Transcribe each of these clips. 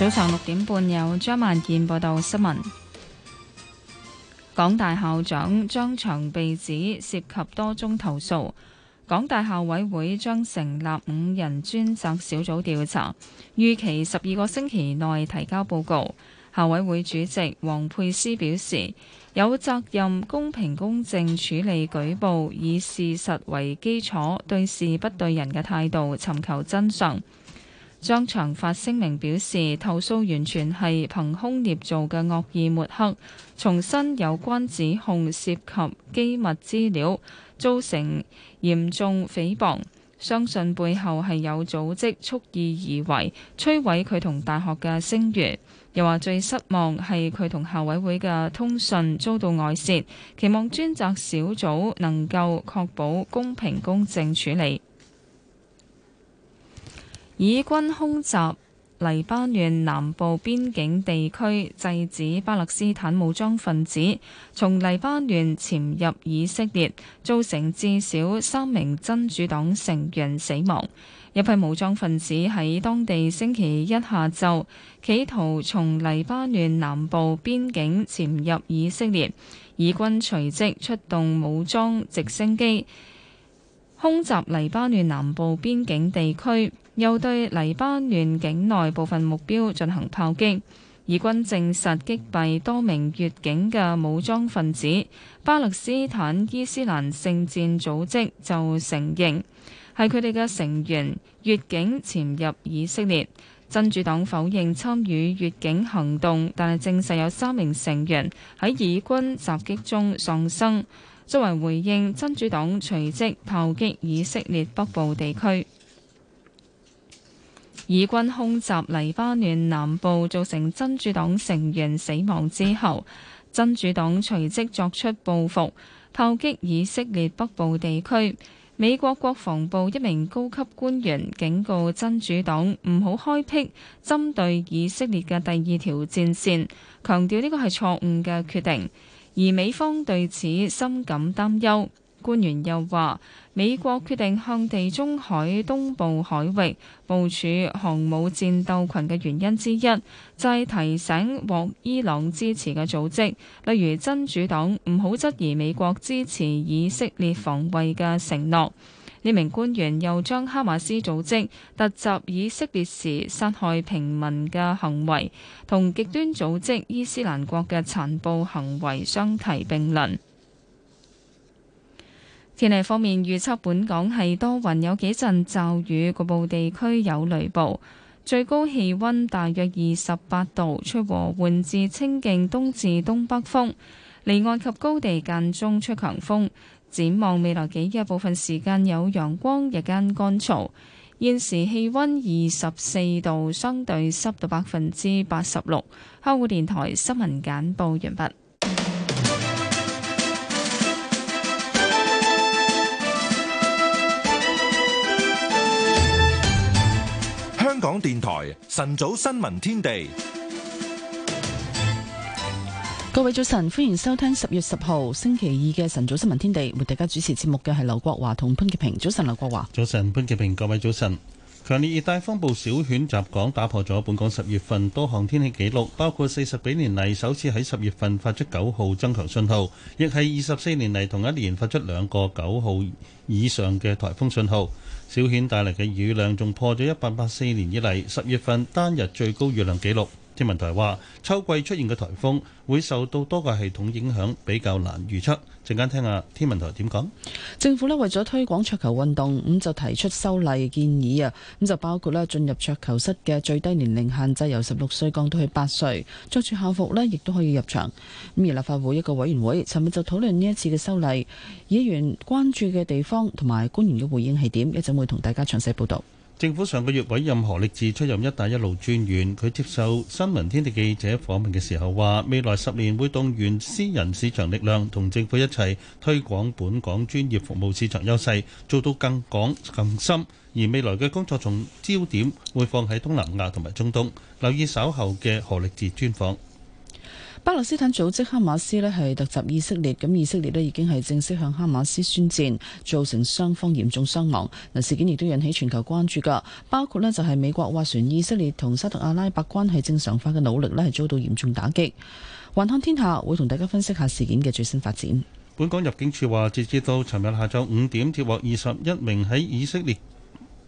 早上六點半，有張萬健報道新聞。港大校長張翔被指涉及多宗投訴，港大校委會將成立五人專責小組調查，預期十二個星期內提交報告。校委會主席王沛詩表示，有責任公平公正處理舉報，以事實為基礎，對事不對人嘅態度，尋求真相。張翔發聲明表示，投訴完全係憑空捏造嘅惡意抹黑，重申有關指控涉及機密資料，造成嚴重誹謗，相信背後係有組織蓄意而為，摧毀佢同大學嘅聲譽。又話最失望係佢同校委會嘅通訊遭到外泄，期望專責小組能夠確保公平公正處理。以軍空襲黎巴嫩南部邊境地區，制止巴勒斯坦武裝分子從黎巴嫩潛入以色列，造成至少三名真主黨成員死亡。一批武裝分子喺當地星期一下晝，企圖從黎巴嫩南部邊境潛入以色列，以軍隨即出動武裝直升機空襲黎巴嫩南部邊境地區。又對黎巴嫩境內部分目標進行炮擊，以軍證實擊斃多名越境嘅武裝分子。巴勒斯坦伊斯蘭聖戰組織就承認係佢哋嘅成員越境潛入以色列。真主黨否認參與越境行動，但係證實有三名成員喺以軍襲擊中喪生。作為回應，真主黨隨即炮擊以色列北部地區。以軍空襲黎巴嫩南部，造成真主黨成員死亡之後，真主黨隨即作出報復，炮擊以色列北部地區。美國國防部一名高級官員警告真主黨唔好開闢針對以色列嘅第二條戰線，強調呢個係錯誤嘅決定，而美方對此深感擔憂。官員又話。美國決定向地中海東部海域部署航母戰鬥群嘅原因之一，就係提醒獲伊朗支持嘅組織，例如真主黨，唔好質疑美國支持以色列防衛嘅承諾。呢名官員又將哈馬斯組織突襲以色列時殺害平民嘅行為，同極端組織伊斯蘭國嘅殘暴行為相提並論。天氣方面預測，本港係多雲，有幾陣驟雨，局部地區有雷暴，最高氣溫大約二十八度，吹和緩至清勁東至東北風，離岸及高地間中吹強風。展望未來幾日部分時間有陽光，日間乾燥。現時氣溫二十四度，相對濕度百分之八十六。香港電台新聞簡報完畢。港電台晨早新聞天地，各位早晨，歡迎收聽十月十號星期二嘅晨早新聞天地。為大家主持節目嘅係劉國華同潘潔平。早晨，劉國華。早晨，潘潔平。各位早晨。強烈熱帶風暴小犬襲港，打破咗本港十月份多項天氣紀錄，包括四十幾年嚟首次喺十月份發出九號增強信號，亦係二十四年嚟同一年發出兩個九號以上嘅颱風信號。小犬帶來嘅雨量仲破咗一八八四年以來十月份單日最高雨量紀錄。天文台話，秋季出現嘅台風會受到多個系統影響，比較難預測。陣間聽下天文台點講。政府咧為咗推廣桌球運動，咁就提出修例建議啊，咁就包括咧進入桌球室嘅最低年齡限制由十六歲降到去八歲，着住校服呢亦都可以入場。咁而立法會一個委員會尋日就討論呢一次嘅修例，議員關注嘅地方同埋官員嘅回應係點，一陣會同大家詳細報道。政府上個月委任何力智出任一帶一路專員，佢接受新聞天地記者訪問嘅時候話：未來十年會動員私人市場力量同政府一齊推廣本港專業服務市場優勢，做到更廣更深。而未來嘅工作重點會放喺東南亞同埋中東。留意稍後嘅何力智專訪。巴勒斯坦組織哈馬斯咧係突襲以色列，咁以色列咧已經係正式向哈馬斯宣戰，造成雙方嚴重傷亡。嗱，事件亦都引起全球關注噶，包括咧就係美國話説，以色列同沙特阿拉伯關係正常化嘅努力咧係遭到嚴重打擊。橫看天下會同大家分析下事件嘅最新發展。本港入境處話，截至到尋日下晝五點，接獲二十一名喺以色列，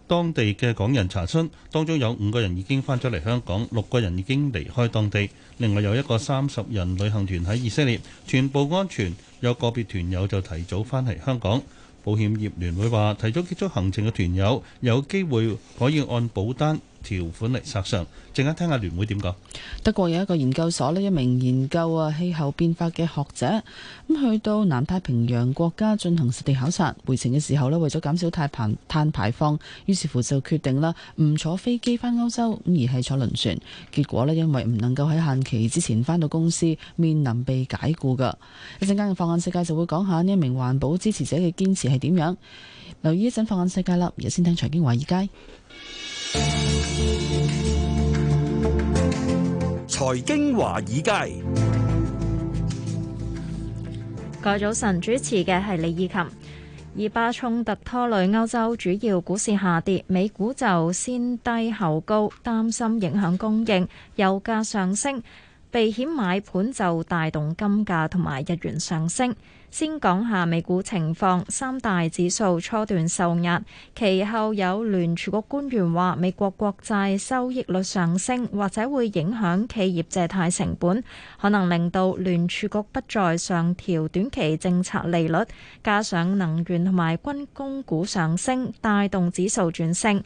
當地嘅港人查詢，當中有五個人已經返咗嚟香港，六個人已經離開當地。另外有一個三十人旅行團喺以色列，全部安全。有個別團友就提早返嚟香港。保險業聯會話，提早結束行程嘅團友有機會可以按保單條款嚟殺上，陣間聽下聯會點講。德國有一個研究所呢，一名研究啊氣候變化嘅學者，咁去到南太平洋國家進行實地考察，回程嘅時候呢，為咗減少太碳排放，於是乎就決定啦，唔坐飛機返歐洲，而係坐輪船。結果呢，因為唔能夠喺限期之前返到公司，面臨被解雇噶。一陣間嘅放眼世界就會講下呢一名環保支持者嘅堅持係點樣。留意一陣放眼世界啦，而家先聽財經華爾街。財經華爾街，各位早晨，主持嘅係李以琴。以巴衝突拖累歐洲主要股市下跌，美股就先低後高，擔心影響供應，油價上升，避險買盤就帶動金價同埋日元上升。先講下美股情況，三大指數初段受壓，其後有聯儲局官員話美國國債收益率上升，或者會影響企業借貸成本，可能令到聯儲局不再上調短期政策利率，加上能源同埋軍工股上升，帶動指數轉升。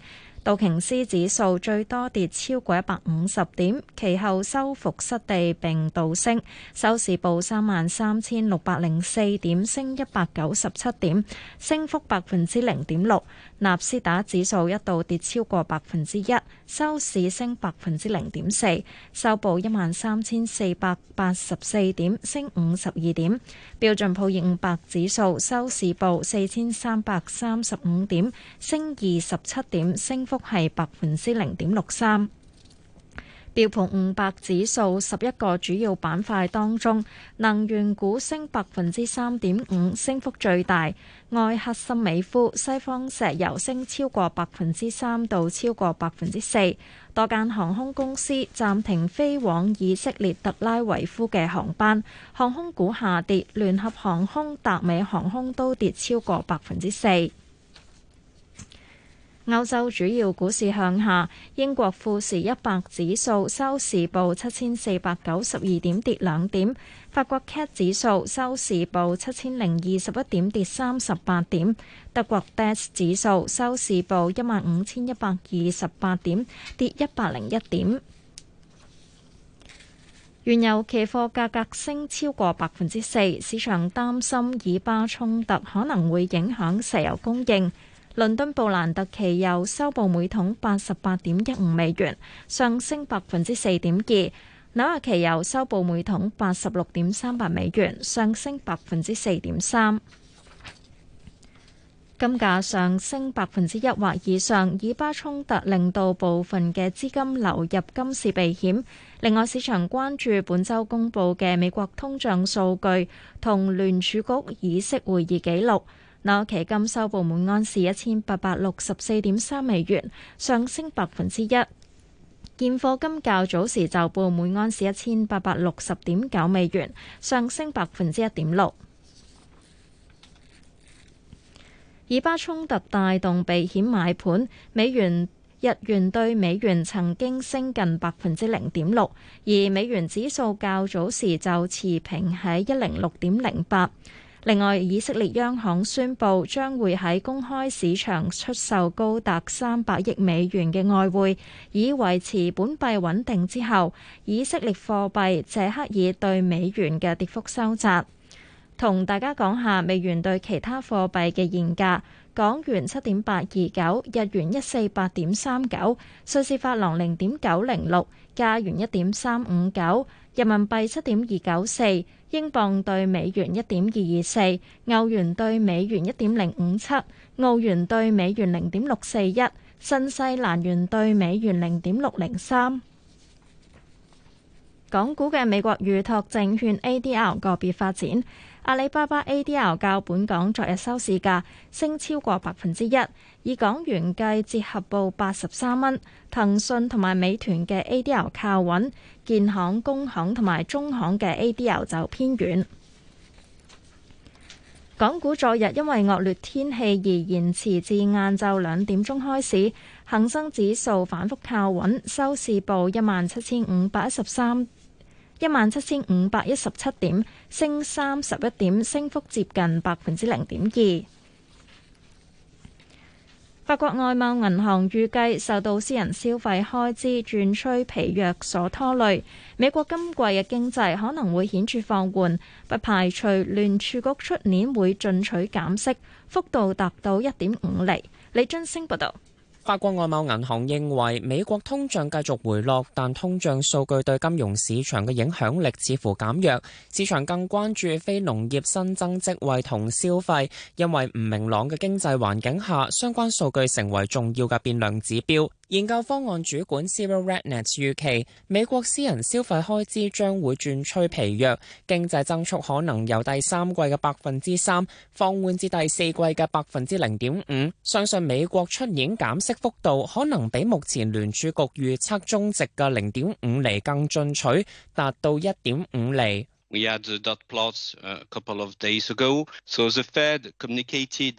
道瓊斯指數最多跌超過一百五十點，其後收復失地並倒升，收市報三萬三千六百零四點，升一百九十七點，升幅百分之零點六。納斯達指數一度跌超過百分之一。收市升百分之零點四，收報一萬三千四百八十四點，升五十二點。標準普爾五百指數收市報四千三百三十五點，升二十七點，升幅係百分之零點六三。標普五百指數十一個主要板塊當中，能源股升百分之三點五，升幅最大。埃克森美孚、西方石油升超過百分之三到超過百分之四。多間航空公司暫停飛往以色列特拉維夫嘅航班，航空股下跌，聯合航空、達美航空都跌超過百分之四。歐洲主要股市向下，英國富時一百指數收市報七千四百九十二點，跌兩點；法國 CAC 指數收市報七千零二十一點，跌三十八點；德國 DAX 指數收市報一萬五千一百二十八點，跌一百零一點。原油期貨價格升超過百分之四，市場擔心以巴衝突可能會影響石油供應。倫敦布蘭特期油收報每桶八十八點一五美元，上升百分之四點二；紐約期油收報每桶八十六點三八美元，上升百分之四點三。金價上升百分之一或以上，以巴衝突令到部分嘅資金流入金市避險。另外，市場關注本周公布嘅美國通脹數據同聯儲局議息會議記錄。那期金收報每盎司一千八百六十四點三美元，上升百分之一；現貨金較早時就報每盎司一千八百六十點九美元，上升百分之一點六。以巴衝突帶動避險買盤，美元日元對美元曾經升近百分之零點六，而美元指數較早時就持平喺一零六點零八。另外，以色列央行宣布將會喺公開市場出售高達三百億美元嘅外匯，以維持本幣穩定。之後，以色列貨幣謝克爾對美元嘅跌幅收窄。同大家講下美元對其他貨幣嘅現價：港元七點八二九，日元一四八點三九，瑞士法郎零點九零六，加元一點三五九。人民幣七點二九四，英鎊對美元一點二二四，歐元對美元一點零五七，澳元對美元零點六四一，新西蘭元對美元零點六零三。港股嘅美國預託證券 ADR 個別發展。阿里巴巴 A.D.L. 較本港昨日收市價升超過百分之一，以港元計折合報八十三蚊。騰訊同埋美團嘅 A.D.L. 靠穩，建行、工行同埋中行嘅 A.D.L. 就偏遠。港股昨日因為惡劣天氣而延遲至晏晝兩點鐘開市，恒生指數反覆靠穩，收市報一萬七千五百一十三。一萬七千五百一十七點，升三十一點，升幅接近百分之零點二。法國外貿銀行預計受到私人消費開支轉趨疲弱所拖累，美國今季嘅經濟可能會顯著放緩，不排除聯儲局出年會進取減息，幅度達到一點五厘。李津星報道。法國外貿銀行認為美國通脹繼續回落，但通脹數據對金融市場嘅影響力似乎減弱。市場更關注非農業新增職位同消費，因為唔明朗嘅經濟環境下，相關數據成為重要嘅變量指標。研究方案主管 Cyril Ratnett 預期美國私人消費開支將會轉趨疲弱，經濟增速可能由第三季嘅百分之三放緩至第四季嘅百分之零點五。相信美國出現減息幅度可能比目前聯儲局預測中值嘅零點五厘更進取，達到一點五厘。We had the dot plots a couple of days ago, so the Fed communicated.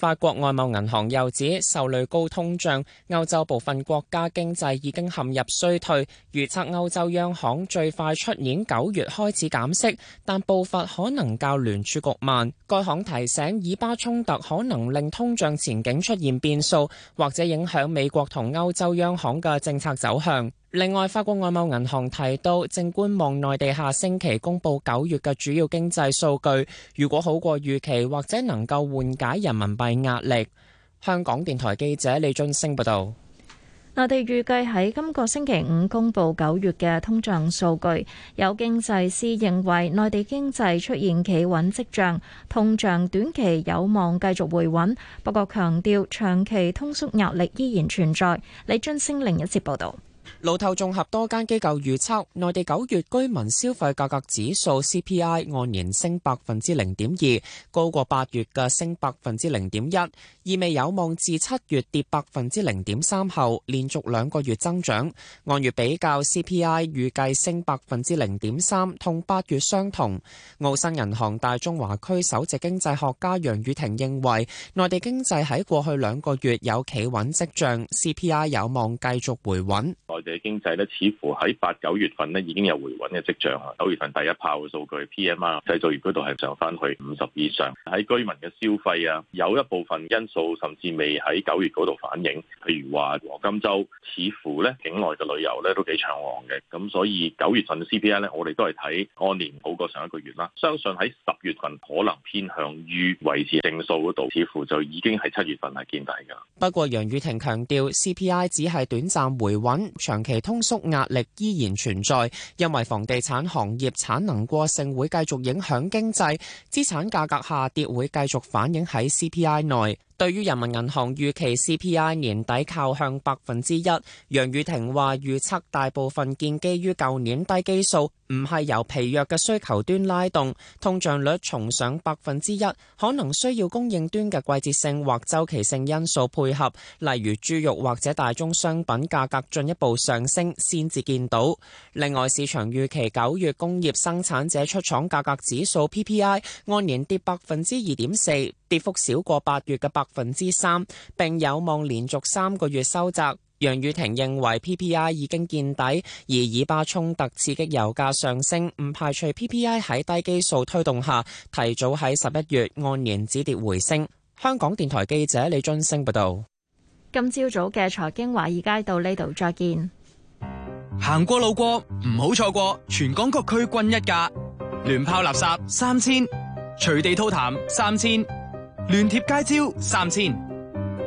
法國外貿銀行又指，受累高通脹，歐洲部分國家經濟已經陷入衰退，預測歐洲央行最快出年九月開始減息，但步伐可能較聯儲局慢。該行提醒，以巴衝突可能令通脹前景出現變數，或者影響美國同歐洲央行嘅政策走向。另外，法國外貿銀行提到，正觀望內地下星期公佈九月嘅主要經濟數據，如果好過預期，或者能夠緩解人民幣壓力。香港電台記者李俊升報導。內地預計喺今個星期五公佈九月嘅通脹數據，有經濟師認為內地經濟出現企穩跡象，通脹短期有望繼續回穩，不過強調長期通縮壓力依然存在。李俊升另一節報導。路透綜合多間機構預測，內地九月居民消費價格指數 CPI 按年升百分之零點二，高過八月嘅升百分之零點一。意味有望自七月跌百分之零點三後，連續兩個月增長。按月比較 CPI 預計升百分之零點三，同八月相同。澳新銀行大中華區首席經濟學家楊宇婷認為，內地經濟喺過去兩個月有企穩跡象，CPI 有望繼續回穩。內地經濟呢似乎喺八九月份呢已經有回穩嘅跡象啊。九月份第一炮嘅數據 PMI 製造業嗰度係上翻去五十以上，喺居民嘅消費啊，有一部分因素。到甚至未喺九月嗰度反映，譬如話黃金周，似乎咧境內嘅旅遊咧都幾暢旺嘅。咁所以九月份嘅 CPI 咧，我哋都係睇按年好過上一個月啦。相信喺十月份可能偏向於維持正數嗰度，似乎就已經係七月份係見底噶。不過楊宇婷強調，CPI 只係短暫回穩，長期通縮壓力依然存在，因為房地產行業產能過剩會繼續影響經濟，資產價格下跌會繼續反映喺 CPI 內。對於人民銀行預期 CPI 年底靠向百分之一，楊宇霆話預測大部分建基於舊年低基數。唔係由疲弱嘅需求端拉動，通脹率重上百分之一，可能需要供應端嘅季節性或週期性因素配合，例如豬肉或者大宗商品價格進一步上升先至見到。另外，市場預期九月工業生產者出廠價格指數 PPI 按年跌百分之二點四，跌幅少過八月嘅百分之三，並有望連續三個月收窄。楊雨婷認為 PPI 已經見底，而以巴衝突刺激油價上升，唔排除 PPI 喺低基數推動下提早喺十一月按年止跌回升。香港電台記者李津升報道。今朝早嘅財經華爾街到呢度再見。行過路過唔好錯過，全港各區均一價，亂拋垃圾三千，隨地吐痰三千，亂貼街招三千。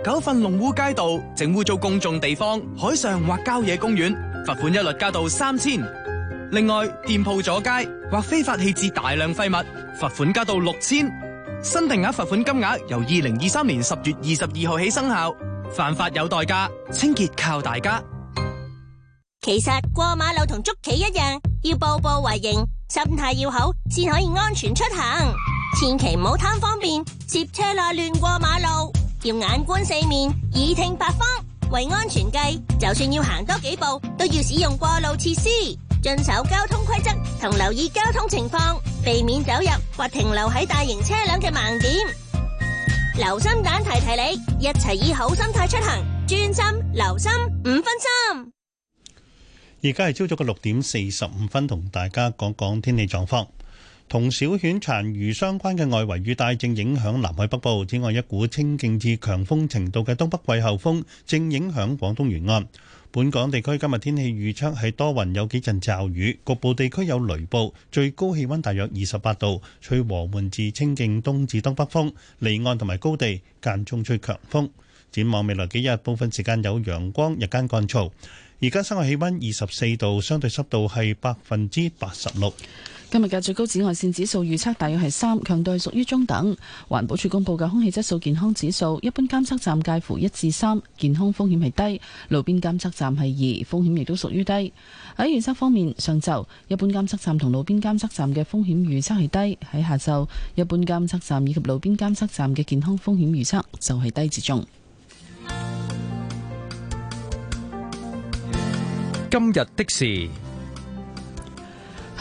九份，弄污街道整污糟公眾地方、海上或郊野公園，罰款一律加到三千。另外，店鋪阻街或非法棄置大量廢物，罰款加到六千。新定額罰款金額由二零二三年十月二十二號起生效。犯法有代價，清潔靠大家。其實過馬路同捉棋一樣，要步步為營，心態要好，先可以安全出行。千祈唔好貪方便，穿車罅亂過馬路。要眼觀四面，耳聽八方。為安全計，就算要行多幾步，都要使用過路設施，遵守交通規則同留意交通情況，避免走入或停留喺大型車輛嘅盲點。留心蛋提提你，一齊以好心態出行，專心留心五分心。而家係朝早嘅六點四十五分，同大家講講天氣狀況。同小犬殘餘相關嘅外圍雨帶正影響南海北部，此外一股清勁至強風程度嘅東北季候風正影響廣東沿岸。本港地區今日天，天氣預測係多雲，有幾陣驟雨，局部地區有雷暴，最高氣温大約二十八度，吹和緩至清勁東至東北風，離岸同埋高地間中吹強風。展望未來幾日，部分時間有陽光，日間乾燥。而家室外氣温二十四度，相對濕度係百分之八十六。今日嘅最高紫外線指數預測大約係三，強度係屬於中等。環保署公布嘅空氣質素健康指數，一般監測站介乎一至三，健康風險係低；路邊監測站係二，風險亦都屬於低。喺預測方面，上晝一般監測站同路邊監測站嘅風險預測係低；喺下晝，一般監測站，站，站以及路邊監測站嘅健康風險預測就係低至中。今日的事。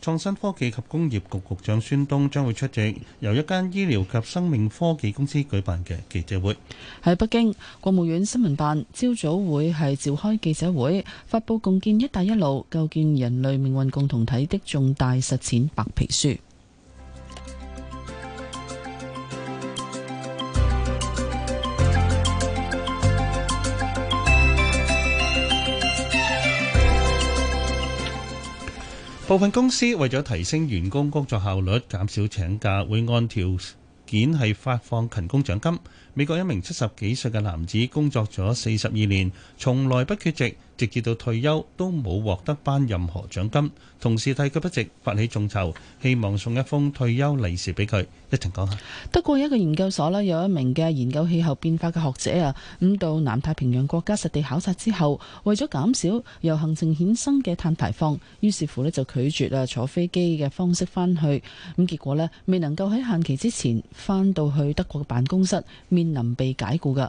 創新科技及工業局局長孫東將會出席由一間醫療及生命科技公司舉辦嘅記者會。喺北京，國務院新聞辦朝早會係召開記者會，發布《共建“一帶一路”構建人類命運共同體》的重大實踐白皮書。部分公司為咗提升員工工作效率，減少請假，會按條件係發放勤工獎金。美國一名七十幾歲嘅男子工作咗四十二年，從來不缺席，直至到退休都冇獲得頒任何獎金。同事替佢不值，發起眾籌，希望送一封退休利是俾佢。一陣講下。德國有一個研究所啦，有一名嘅研究氣候變化嘅學者啊，咁到南太平洋國家實地考察之後，為咗減少由行程衍生嘅碳排放，於是乎咧就拒絕啊坐飛機嘅方式翻去。咁結果咧未能夠喺限期之前翻到去德國嘅辦公室面。能被解僱㗎。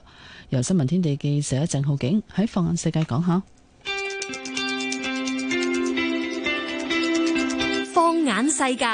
由新聞天地記者鄭浩景喺放眼世界講下。放眼世界，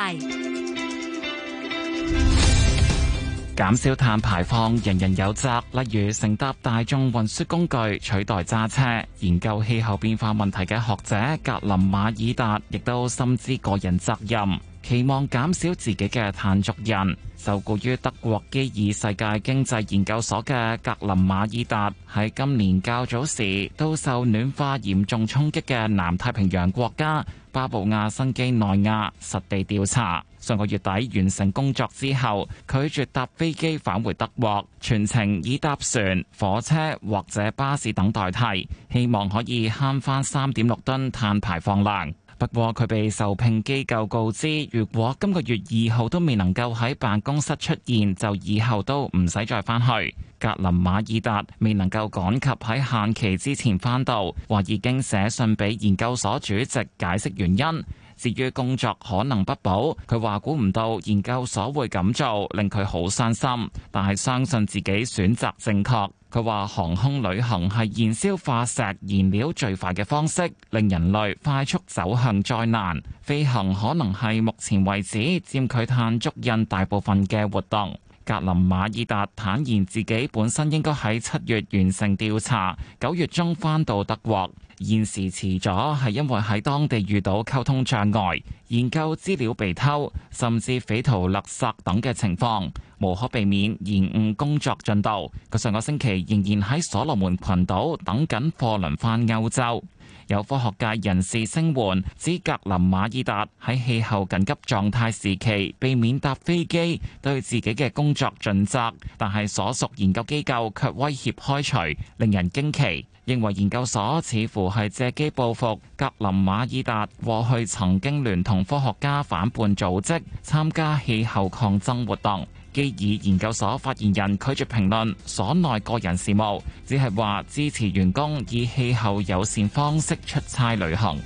減少碳排放人人有責。例如，乘搭大眾運輸工具取代揸車。研究氣候變化問題嘅學者格林馬爾達亦都深知個人責任。期望減少自己嘅碳足印。受雇於德國基爾世界經濟研究所嘅格林馬爾達喺今年較早時都受暖化嚴重衝擊嘅南太平洋國家巴布亞新畿內亞實地調查。上個月底完成工作之後，拒絕搭飛機返回德國，全程以搭船、火車或者巴士等代替，希望可以慳翻三點六噸碳排放量。不過，佢被受聘機構告知，如果今個月二號都未能夠喺辦公室出現，就以後都唔使再返去。格林馬爾達未能夠趕及喺限期之前返到，話已經寫信俾研究所主席解釋原因。至於工作可能不保，佢話估唔到研究所會咁做，令佢好傷心。但係相信自己選擇正確。佢話航空旅行係燃燒化石燃料最快嘅方式，令人類快速走向災難。飛行可能係目前為止佔佢碳足印大部分嘅活動。格林馬爾達坦言自己本身應該喺七月完成調查，九月中返到德國。現時遲咗係因為喺當地遇到溝通障礙、研究資料被偷、甚至匪徒勒索等嘅情況，無可避免延誤工作進度。佢上個星期仍然喺所羅門群島等緊貨輪返歐洲。有科學界人士聲援，指格林馬爾達喺氣候緊急狀態時期避免搭飛機，對自己嘅工作盡責，但係所屬研究機構卻威脅開除，令人驚奇。認為研究所似乎係借機報復格林馬爾達，過去曾經聯同科學家反叛組織參加氣候抗爭活動。基爾研究所發言人拒絕評論所內個人事務，只係話支持員工以氣候友善方式出差旅行。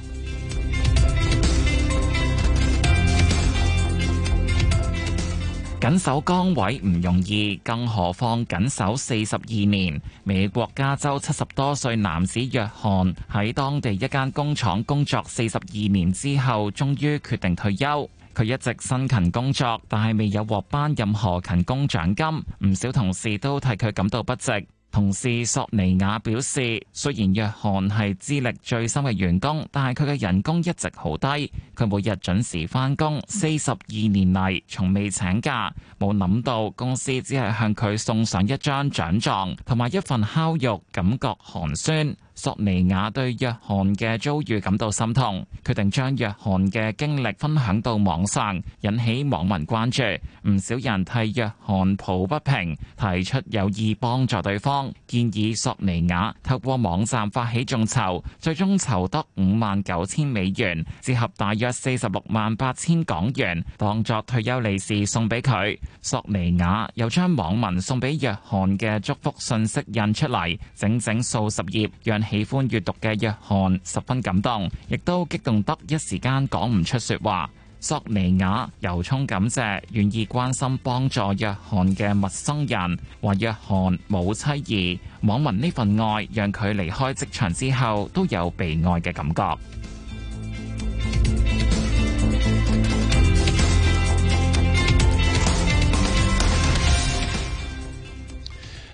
緊守崗位唔容易，更何況緊守四十二年。美國加州七十多歲男子約翰喺當地一間工廠工作四十二年之後，終於決定退休。佢一直辛勤工作，但係未有獲頒任何勤工獎金，唔少同事都替佢感到不值。同事索尼婭表示，雖然約翰係資歷最深嘅員工，但係佢嘅人工一直好低。佢每日準時翻工，四十二年嚟從未請假，冇諗到公司只係向佢送上一張獎狀同埋一份烤肉，感覺寒酸。索尼婭對約翰嘅遭遇感到心痛，決定將約翰嘅經歷分享到網上，引起網民關注。唔少人替約翰抱不平，提出有意幫助對方，建議索尼婭透過網站發起眾籌，最終籌得五萬九千美元，折合大約四十六萬八千港元，當作退休利是送俾佢。索尼婭又將網民送俾約翰嘅祝福信息印出嚟，整整數十頁，讓喜歡閱讀嘅約翰十分感動，亦都激動得一時間講唔出說話。索尼亞由衷感謝願意關心幫助約翰嘅陌生人，話約翰冇妻兒，網民呢份愛讓佢離開職場之後都有被愛嘅感覺。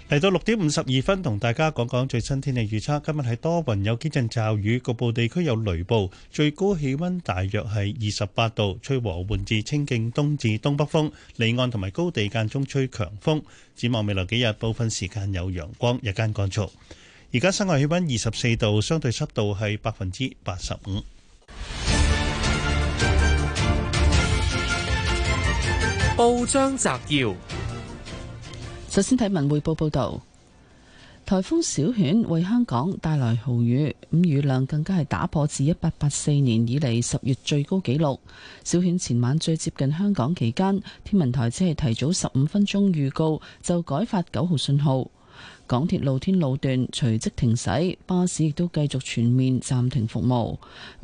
嚟到六點五十二分，同大家講講最新天氣預測。今日係多雲有幾陣驟雨，局部地區有雷暴。最高氣溫大約係二十八度，吹和緩至清勁東至東北風。離岸同埋高地間中吹強風。展望未來幾日，部分時間有陽光，日間乾燥。而家室外氣溫二十四度，相對濕度係百分之八十五。報章摘要。首先睇文匯報報道，颱風小犬為香港帶來豪雨，咁雨量更加係打破自一八八四年以嚟十月最高紀錄。小犬前晚最接近香港期間，天文台只係提早十五分鐘預告就改發九號信號，港鐵露天路段隨即停駛，巴士亦都繼續全面暫停服務，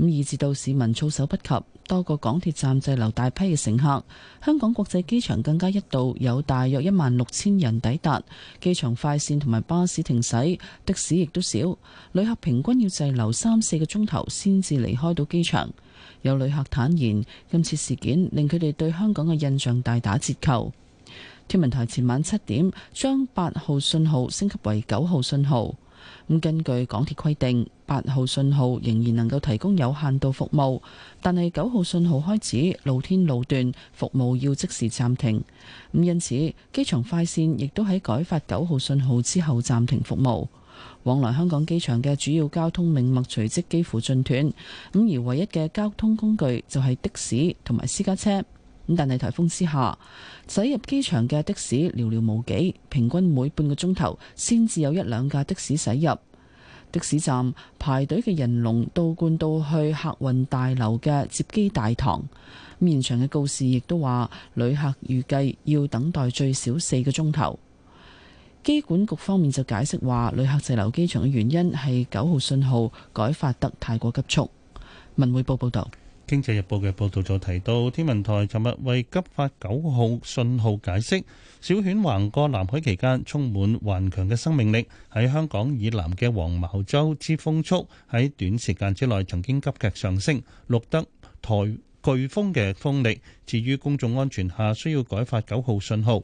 咁以致到市民措手不及。多個港鐵站滯留大批嘅乘客，香港國際機場更加一度有大約一萬六千人抵達，機場快綫同埋巴士停駛，的士亦都少，旅客平均要滯留三四個鐘頭先至離開到機場。有旅客坦言，今次事件令佢哋對香港嘅印象大打折扣。天文台前晚七點將八號信號升級為九號信號。咁根據港鐵規定，八號信號仍然能夠提供有限度服務，但係九號信號開始，露天路段服務要即時暫停。咁因此，機場快線亦都喺改發九號信號之後暫停服務，往來香港機場嘅主要交通命脈隨即幾乎盡斷。咁而唯一嘅交通工具就係的士同埋私家車。咁但係颱風之下，駛入機場嘅的、的士寥寥無幾，平均每半個鐘頭先至有一兩架的士駛入的士站，排隊嘅人龍倒灌到去客運大樓嘅接機大堂。咁現場嘅告示亦都話，旅客預計要等待最少四個鐘頭。機管局方面就解釋話，旅客滯留機場嘅原因係九號信號改發得太過急促。文匯報報道。《經濟日報》嘅報道就提到，天文台尋日為急發九號信號，解釋小犬橫過南海期間，充滿頑強嘅生命力。喺香港以南嘅黃茅洲之風速，喺短時間之內曾經急劇上升，錄得台颶風嘅風力。至於公眾安全下，需要改發九號信號。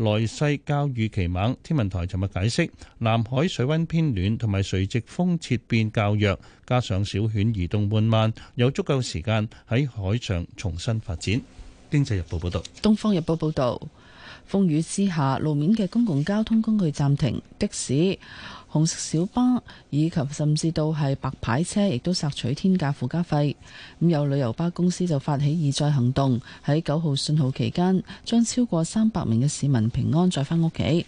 來勢較預期猛，天文台尋日解釋，南海水温偏暖同埋垂直風切變較弱，加上小犬移動緩慢，有足夠時間喺海上重新發展。經濟日報報道，東方日報報道。風雨之下，路面嘅公共交通工具暫停，的士、紅色小巴以及甚至到係白牌車，亦都索取天價附加費。咁有旅遊巴公司就發起義載行動，喺九號信號期間，將超過三百名嘅市民平安載返屋企。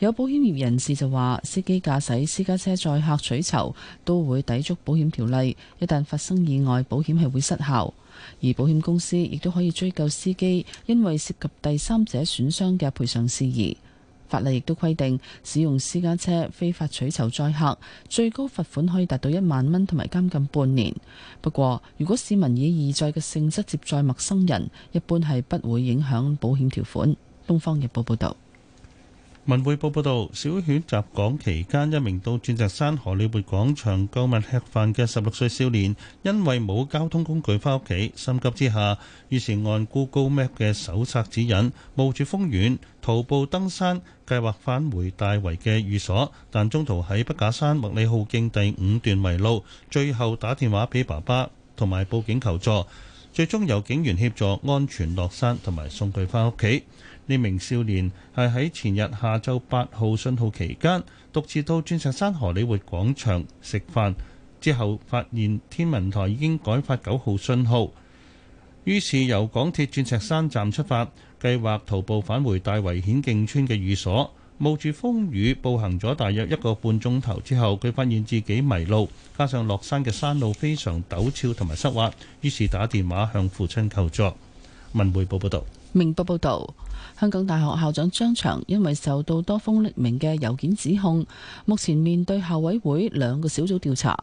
有保險業人士就話，司機駕駛私家車載客取酬都會抵觸保險條例，一旦發生意外，保險係會失效，而保險公司亦都可以追究司機，因為涉及第三者損傷嘅賠償事宜。法例亦都規定，使用私家車非法取酬載客，最高罰款可以達到一萬蚊，同埋監禁半年。不過，如果市民以義載嘅性質接載陌生人，一般係不會影響保險條款。東方日報報道。文匯報報道，小犬襲港期間，一名到鑽石山荷里活廣場購物吃飯嘅十六歲少年，因為冇交通工具翻屋企，心急之下，於是按 Google Map 嘅手冊指引，冒住風雨徒步登山，計劃返回大圍嘅寓所，但中途喺筆架山麥理浩徑第五段迷路，最後打電話俾爸爸同埋報警求助，最終由警員協助安全落山同埋送佢翻屋企。呢名少年係喺前日下晝八號信號期間獨自到鑽石山荷里活廣場食飯，之後發現天文台已經改發九號信號，於是由港鐵鑽石山站出發，計劃徒步返回大圍顯徑村嘅寓所。冒住風雨步行咗大約一個半鐘頭之後，佢發現自己迷路，加上落山嘅山路非常陡峭同埋濕滑，於是打電話向父親求助。文匯報報道，明報報道。香港大學校長張翔因為受到多封匿名嘅郵件指控，目前面對校委會兩個小組調查。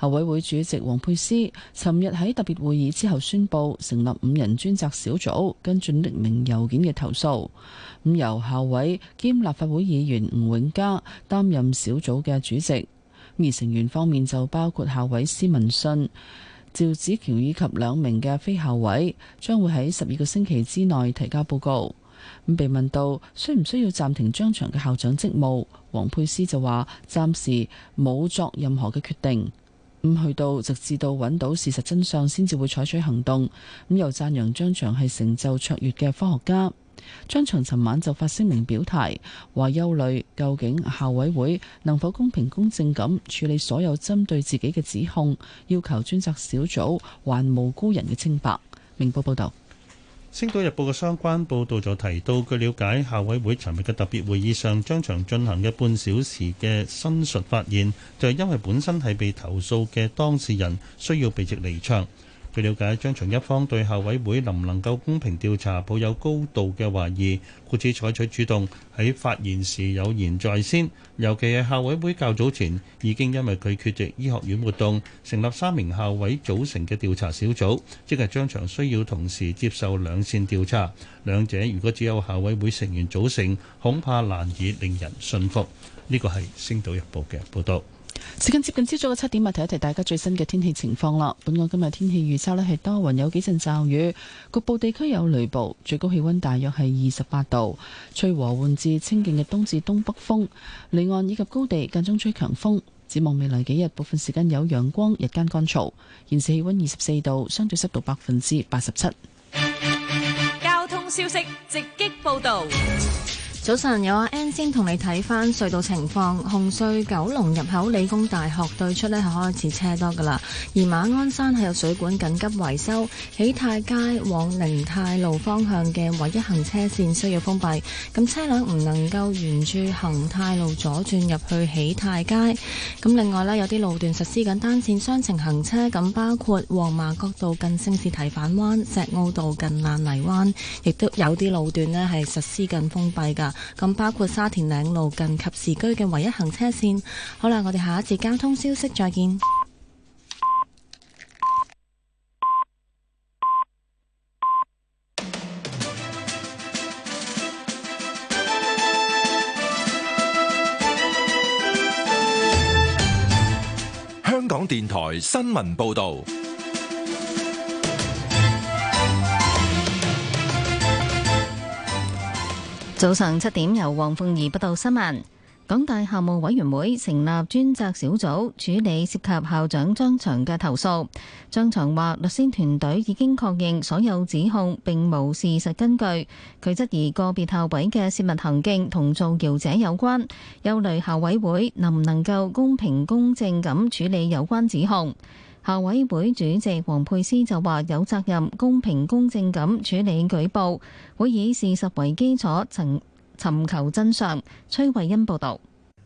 校委會主席王沛詩尋日喺特別會議之後宣布成立五人專責小組跟進匿名郵件嘅投訴。咁由校委兼立法會議員吳永嘉擔任小組嘅主席。而成員方面就包括校委施文信、趙子喬以及兩名嘅非校委，將會喺十二個星期之內提交報告。被問到需唔需要暫停張翔嘅校長職務，黃佩斯就話暫時冇作任何嘅決定。咁去到直至到揾到事實真相先至會採取行動。咁又讚揚張翔係成就卓越嘅科學家。張翔尋晚就發聲明表態，話憂慮究竟校委會能否公平公正咁處理所有針對自己嘅指控，要求專責小組還無辜人嘅清白。明報報道。《星島日報》嘅相關報導就提到，據了解，校委會尋日嘅特別會議上，張翔進行嘅半小時嘅申述發言，就係、是、因為本身係被投訴嘅當事人，需要避席離場。據了解，張翔一方對校委會能唔能夠公平調查抱有高度嘅懷疑，故此採取主動喺發言時有言在先。尤其係校委會較早前已經因為佢缺席醫學院活動成立三名校委組成嘅調查小組，即係張翔需要同時接受兩綫調查。兩者如果只有校委會成員組成，恐怕難以令人信服。呢個係星島日報嘅報道。時間接近朝早嘅七點，我提一提大家最新嘅天氣情況啦。本港今日天氣預測呢係多雲，有幾陣驟雨，局部地區有雷暴，最高氣溫大約係二十八度，吹和緩至清勁嘅東至東北風，離岸以及高地間中吹強風。展望未來幾日，部分時間有陽光，日間乾燥，現時氣溫二十四度，相對濕度百分之八十七。交通消息，直擊報道。早晨，有阿 N 先同你睇返隧道情況。紅隧九龍入口理工大學對出呢，係開始車多噶啦。而馬鞍山係有水管緊急維修，喜泰街往寧泰路方向嘅唯一行車線需要封閉，咁車輛唔能夠沿住恒泰路左轉入去喜泰街。咁另外呢，有啲路段實施緊單線雙程行車，咁包括黃麻角道近聖士提反灣、石澳道近爛泥灣，亦都有啲路段呢係實施緊封閉噶。咁包括沙田嶺路近及時居嘅唯一行車線。好啦，我哋下一節交通消息再見。香港電台新聞報道。早上七點，由黃鳳儀報道新聞。港大校務委員會成立專責小組處理涉及校長張翔嘅投訴。張翔話，律師團隊已經確認所有指控並冇事實根據。佢質疑個別校委嘅泄密行徑同造謠者有關，憂慮校委會能唔能夠公平公正咁處理有關指控。校委會主席王沛詩就話：有責任公平公正咁處理舉報，會以事實為基礎尋尋求真相。崔慧欣報導。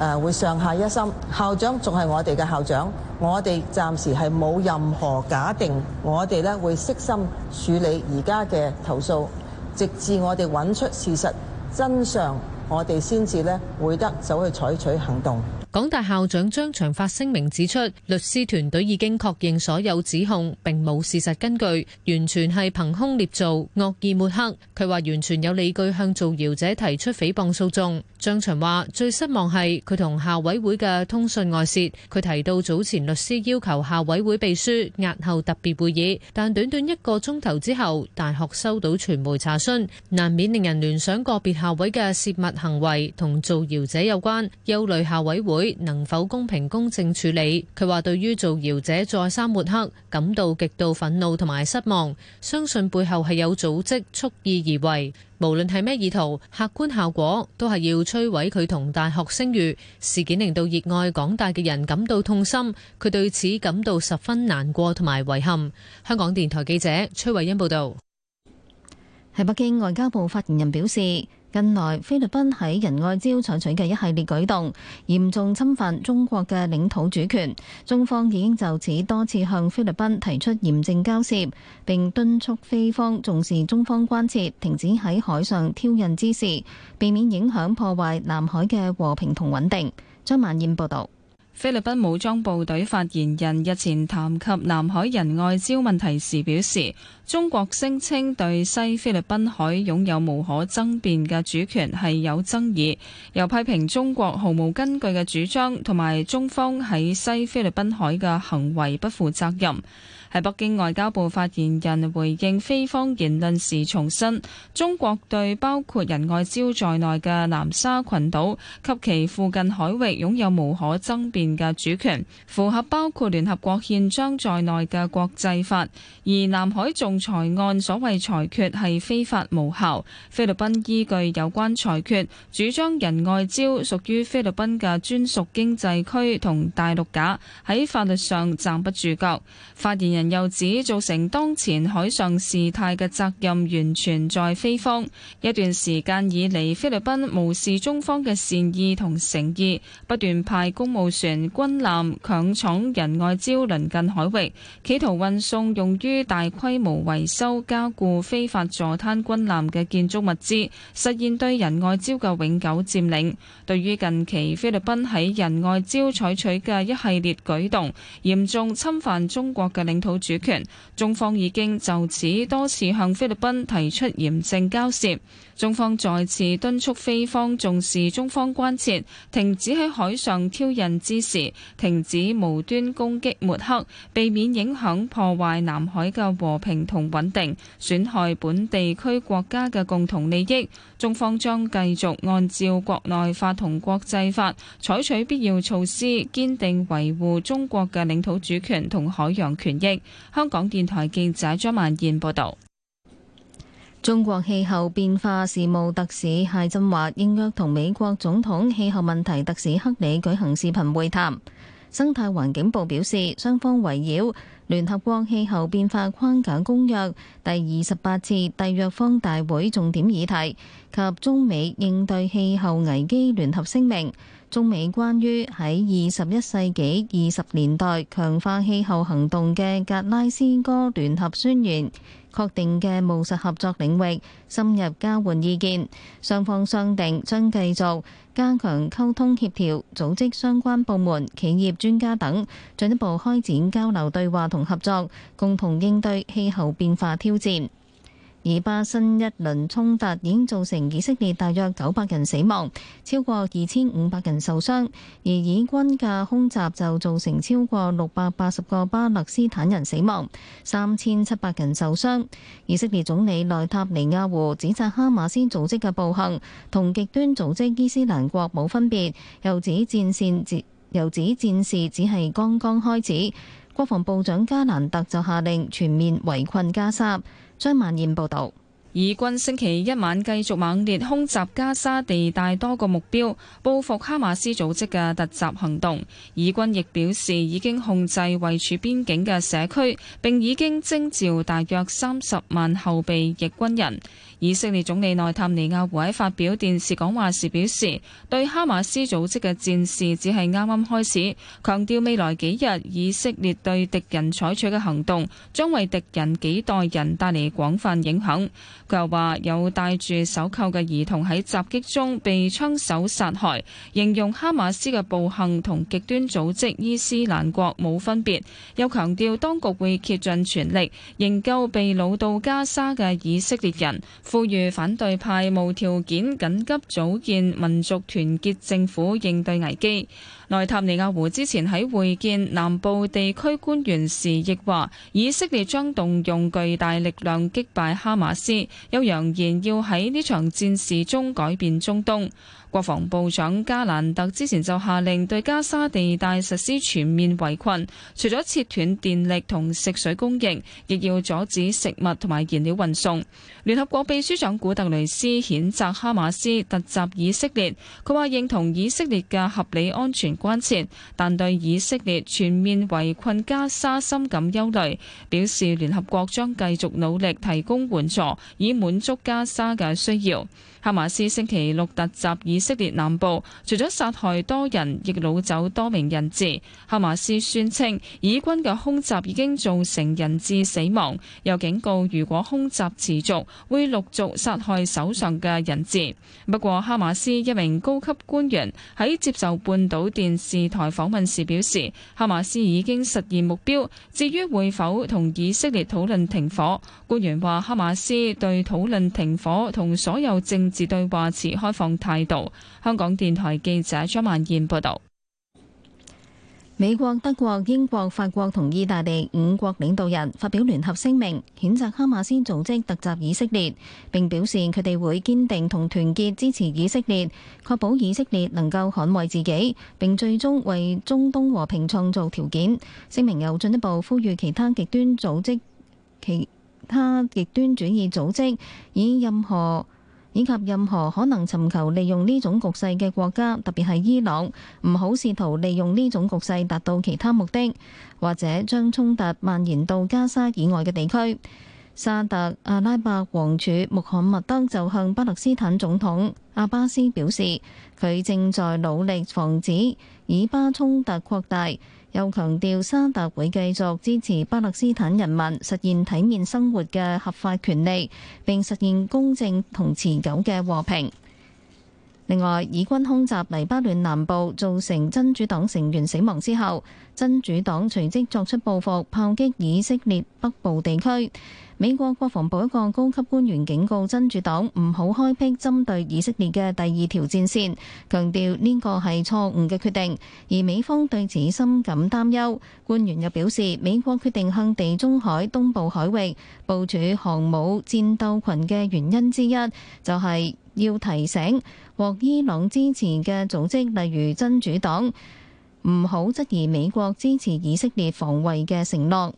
誒，會上下一心校長仲係我哋嘅校長，我哋暫時係冇任何假定，我哋咧會悉心處理而家嘅投訴，直至我哋揾出事實真相，我哋先至咧會得手去採取行動。港大校長張翔發聲明指出，律師團隊已經確認所有指控並冇事實根據，完全係憑空捏造、惡意抹黑。佢話完全有理據向造謠者提出誹謗訴訟。張翔話最失望係佢同校委會嘅通訊外泄，佢提到早前律師要求校委會秘書押後特別會議，但短短一個鐘頭之後，大學收到傳媒查詢，難免令人聯想個別校委嘅泄密行為同造謠者有關，憂慮校委會。能否公平公正處理？佢話對於造謠者再三抹黑，感到極度憤怒同埋失望，相信背後係有組織蓄意而為。無論係咩意圖，客觀效果都係要摧毀佢同大學聲譽。事件令到熱愛港大嘅人感到痛心，佢對此感到十分難過同埋遺憾。香港電台記者崔慧欣報道。喺北京，外交部發言人表示，近來，菲律賓喺仁愛礁採取嘅一系列舉動，嚴重侵犯中國嘅領土主權。中方已經就此多次向菲律賓提出嚴正交涉，並敦促菲方重視中方關切，停止喺海上挑釁之事，避免影響破壞南海嘅和平同穩定。張曼燕報導。菲律賓武裝部隊發言人日前談及南海人外礁問題時表示，中國聲稱對西菲律賓海擁有無可爭辯嘅主權係有爭議，又批評中國毫無根據嘅主張同埋中方喺西菲律賓海嘅行為不負責任。喺北京外交部發言人回應菲方言論時重申，中國對包括仁愛礁在內嘅南沙群島及其附近海域擁有無可爭辯嘅主權，符合包括聯合國憲章在內嘅國際法。而南海仲裁案所謂裁決係非法無效，菲律賓依據有關裁決，主張仁愛礁屬於菲律賓嘅專屬經濟區同大陸架，喺法律上站不住腳。發言人又指造成當前海上事態嘅責任完全在菲方。一段時間以嚟，菲律賓無視中方嘅善意同誠意，不斷派公務船軍艦強闖仁愛礁鄰近海域，企圖運送用於大規模維修加固非法坐灘軍艦嘅建築物資，實現對仁愛礁嘅永久佔領。對於近期菲律賓喺仁愛礁採取嘅一系列舉動，嚴重侵犯中國嘅領土主權，中方已經就此多次向菲律賓提出嚴正交涉。中方再次敦促菲方重視中方關切，停止在海上挑釁之時，停止無端攻擊抹黑，避免影響破壞南海的和平和穩定，損害本地區國家的共同利益。中方將繼續按照國內法和國際法，採取必要措施，堅定維護中國的領土主權和海洋權益。香港電台記者張曼燕報道。中國氣候變化事務特使謝振華應約同美國總統氣候問題特使克里舉行視頻會談。生態環境部表示，雙方圍繞聯合國氣候變化框架公約第二十八次締約方大會重點議題及中美應對氣候危機聯合聲明、中美關於喺二十一世紀二十年代強化氣候行動嘅格拉斯哥聯合宣言。確定嘅務實合作領域，深入交換意見，雙方商定將繼續加強溝通協調，組織相關部門、企業專家等進一步開展交流對話同合作，共同應對氣候變化挑戰。以巴新一輪衝突已經造成以色列大約九百人死亡，超過二千五百人受傷；而以軍嘅空襲就造成超過六百八十個巴勒斯坦人死亡，三千七百人受傷。以色列總理內塔尼亞胡指責哈馬斯組織嘅暴行同極端組織伊斯蘭國冇分別，又指戰線只又指戰事只係剛剛開始。國防部長加蘭特就下令全面圍困加沙。張曼燕報道，以軍星期一晚繼續猛烈空襲加沙地帶多個目標，報復哈馬斯組織嘅突襲行動。以軍亦表示已經控制位處邊境嘅社區，並已經徵召大約三十萬後備役軍人。以色列總理內塔尼亞胡喺發表電視講話時表示，對哈馬斯組織嘅戰事只係啱啱開始，強調未來幾日以色列對敵人採取嘅行動將為敵人幾代人帶嚟廣泛影響。佢又話有帶住手銬嘅兒童喺襲擊中被槍手殺害，形容哈馬斯嘅暴行同極端組織伊斯蘭國冇分別。又強調當局會竭盡全力營救被擄到加沙嘅以色列人。呼籲反對派無條件緊急組建民族團結政府應對危機。內塔尼亞胡之前喺會見南部地區官員時，亦話以色列將動用巨大力量擊敗哈馬斯，又揚言要喺呢場戰事中改變中東。國防部長加蘭特之前就下令對加沙地帶實施全面圍困，除咗切斷電力同食水供應，亦要阻止食物同埋燃料運送。聯合國秘書長古特雷斯譴責哈馬斯突襲以色列，佢話認同以色列嘅合理安全關切，但對以色列全面圍困加沙深感憂慮，表示聯合國將繼續努力提供援助，以滿足加沙嘅需要。哈馬斯星期六突襲以色列南部，除咗殺害多人，亦擄走多名人質。哈馬斯宣稱，以軍嘅空襲已經造成人質死亡，又警告如果空襲持續，會陸續殺害手上嘅人質。不過，哈馬斯一名高級官員喺接受半島電視台訪問時表示，哈馬斯已經實現目標。至於會否同以色列討論停火，官員話哈馬斯對討論停火同所有政自對話持開放態度。香港電台記者張曼燕報道，美國、德國、英國、法國同意大利五國領導人發表聯合聲明，譴責哈馬斯組織突襲以色列。並表示佢哋會堅定同團結支持以色列，確保以色列能夠捍衞自己，並最終為中東和平創造條件。聲明又進一步呼籲其他極端組織、其他極端主義組織以任何以及任何可能尋求利用呢種局勢嘅國家，特別係伊朗，唔好試圖利用呢種局勢達到其他目的，或者將衝突蔓延到加沙以外嘅地區。沙特阿拉伯王儲穆罕默德就向巴勒斯坦總統阿巴斯表示，佢正在努力防止以巴衝突擴大。又強調沙特會繼續支持巴勒斯坦人民實現體面生活嘅合法權利，並實現公正同持久嘅和平。另外，以軍空襲黎巴嫩南部造成真主黨成員死亡之後，真主黨隨即作出報復，炮擊以色列北部地區。美國國防部一個高級官員警告真主黨唔好開闢針對以色列嘅第二條戰線，強調呢個係錯誤嘅決定，而美方對此深感擔憂。官員又表示，美國決定向地中海東部海域部署航母戰鬥群嘅原因之一，就係要提醒獲伊朗支持嘅組織，例如真主黨，唔好質疑美國支持以色列防衛嘅承諾。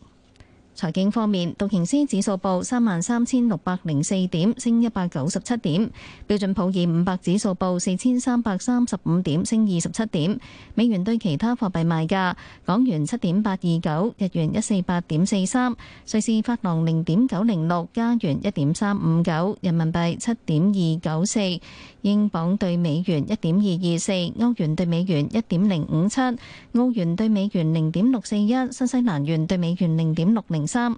財經方面，道瓊斯指數報33,604點，升197點；標準普爾500指數報4,335點，升27點。美元對其他貨幣賣價：港元7.829，日元148.43，瑞士法郎0.906，加元1.359，人民幣7.294，英鎊對美元1.224，歐元對美元1.057，澳元對美元0.641，新西蘭元對美元0.60。三，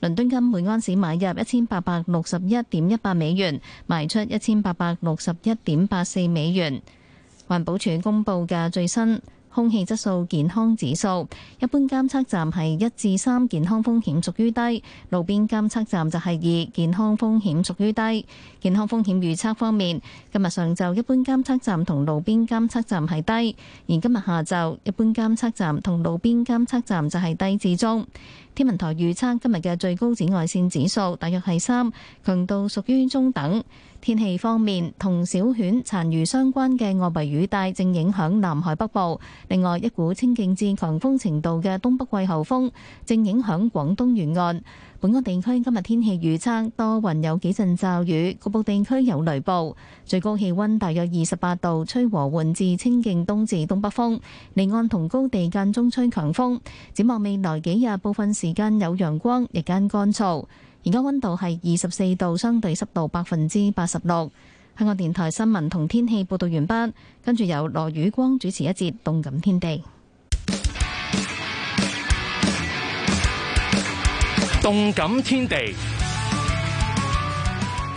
倫敦金每安士買入一千八百六十一點一八美元，賣出一千八百六十一點八四美元。環保署公布嘅最新。空氣質素健康指數，一般監測站係一至三，健康風險屬於低；路邊監測站就係二，健康風險屬於低。健康風險預測方面，今日上晝一般監測站同路邊監測站係低，而今日下晝一般監測站同路邊監測站就係低至中。天文台預測今日嘅最高紫外線指數大約係三，強度屬於中等。天氣方面，同小犬殘餘相關嘅外圍雨帶正影響南海北部。另外，一股清勁至強風程度嘅東北季候風正影響廣東沿岸。本港地區今日天，天氣預測多雲，有幾陣驟雨，局部地區有雷暴。最高氣温大約二十八度，吹和緩至清勁東至東北風。離岸同高地間中吹強風。展望未來幾日，部分時間有陽光，日間乾燥。而家溫度係二十四度，相對濕度百分之八十六。香港電台新聞同天氣報道完畢，跟住由羅宇光主持一節《動感天地》。《動感天地》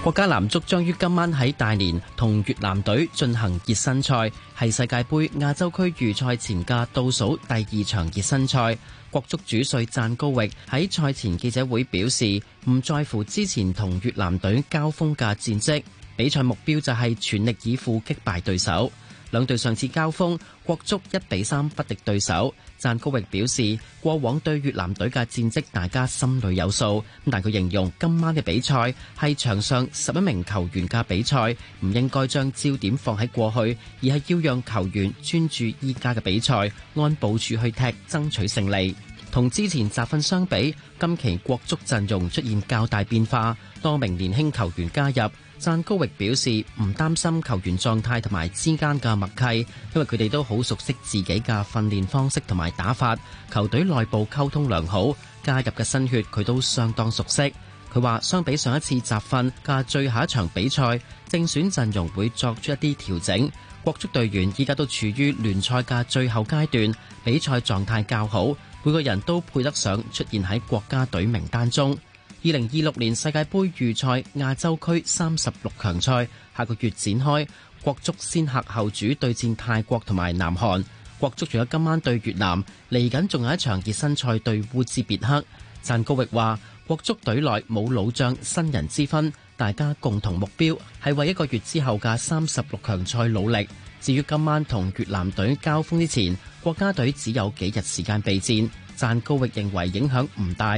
國家男足將於今晚喺大連同越南隊進行熱身賽，係世界杯亞洲區預賽前嘅倒數第二場熱身賽。國足主帥贊高域喺賽前記者會表示，唔在乎之前同越南隊交鋒嘅戰績，比賽目標就係全力以赴擊敗對手。兩隊上次交鋒，國足一比三不敵對手。贊高域表示，過往對越南隊嘅戰績大家心裏有數，咁但佢形容今晚嘅比賽係場上十一名球員嘅比賽，唔應該將焦點放喺過去，而係要讓球員專注依家嘅比賽，按部署去踢，爭取勝利。同之前集訓相比，今期國足陣容出現較大變化，多名年輕球員加入。贊高域表示唔擔心球員狀態同埋之間嘅默契，因為佢哋都好熟悉自己嘅訓練方式同埋打法，球隊內部溝通良好，加入嘅新血佢都相當熟悉。佢話相比上一次集訓嘅最後一場比賽，正選陣容會作出一啲調整。國足隊員依家都處於聯賽嘅最後階段，比賽狀態較好，每個人都配得上出現喺國家隊名單中。二零二六年世界杯預賽亞洲區三十六強賽下個月展開，國足先客後主對戰泰國同埋南韓。國足仲有今晚對越南，嚟緊仲有一場熱身賽對烏茲別克。讚高域話：國足隊內冇老將新人之分，大家共同目標係為一個月之後嘅三十六強賽努力。至於今晚同越南隊交鋒之前，國家隊只有幾日時間備戰。讚高域認為影響唔大。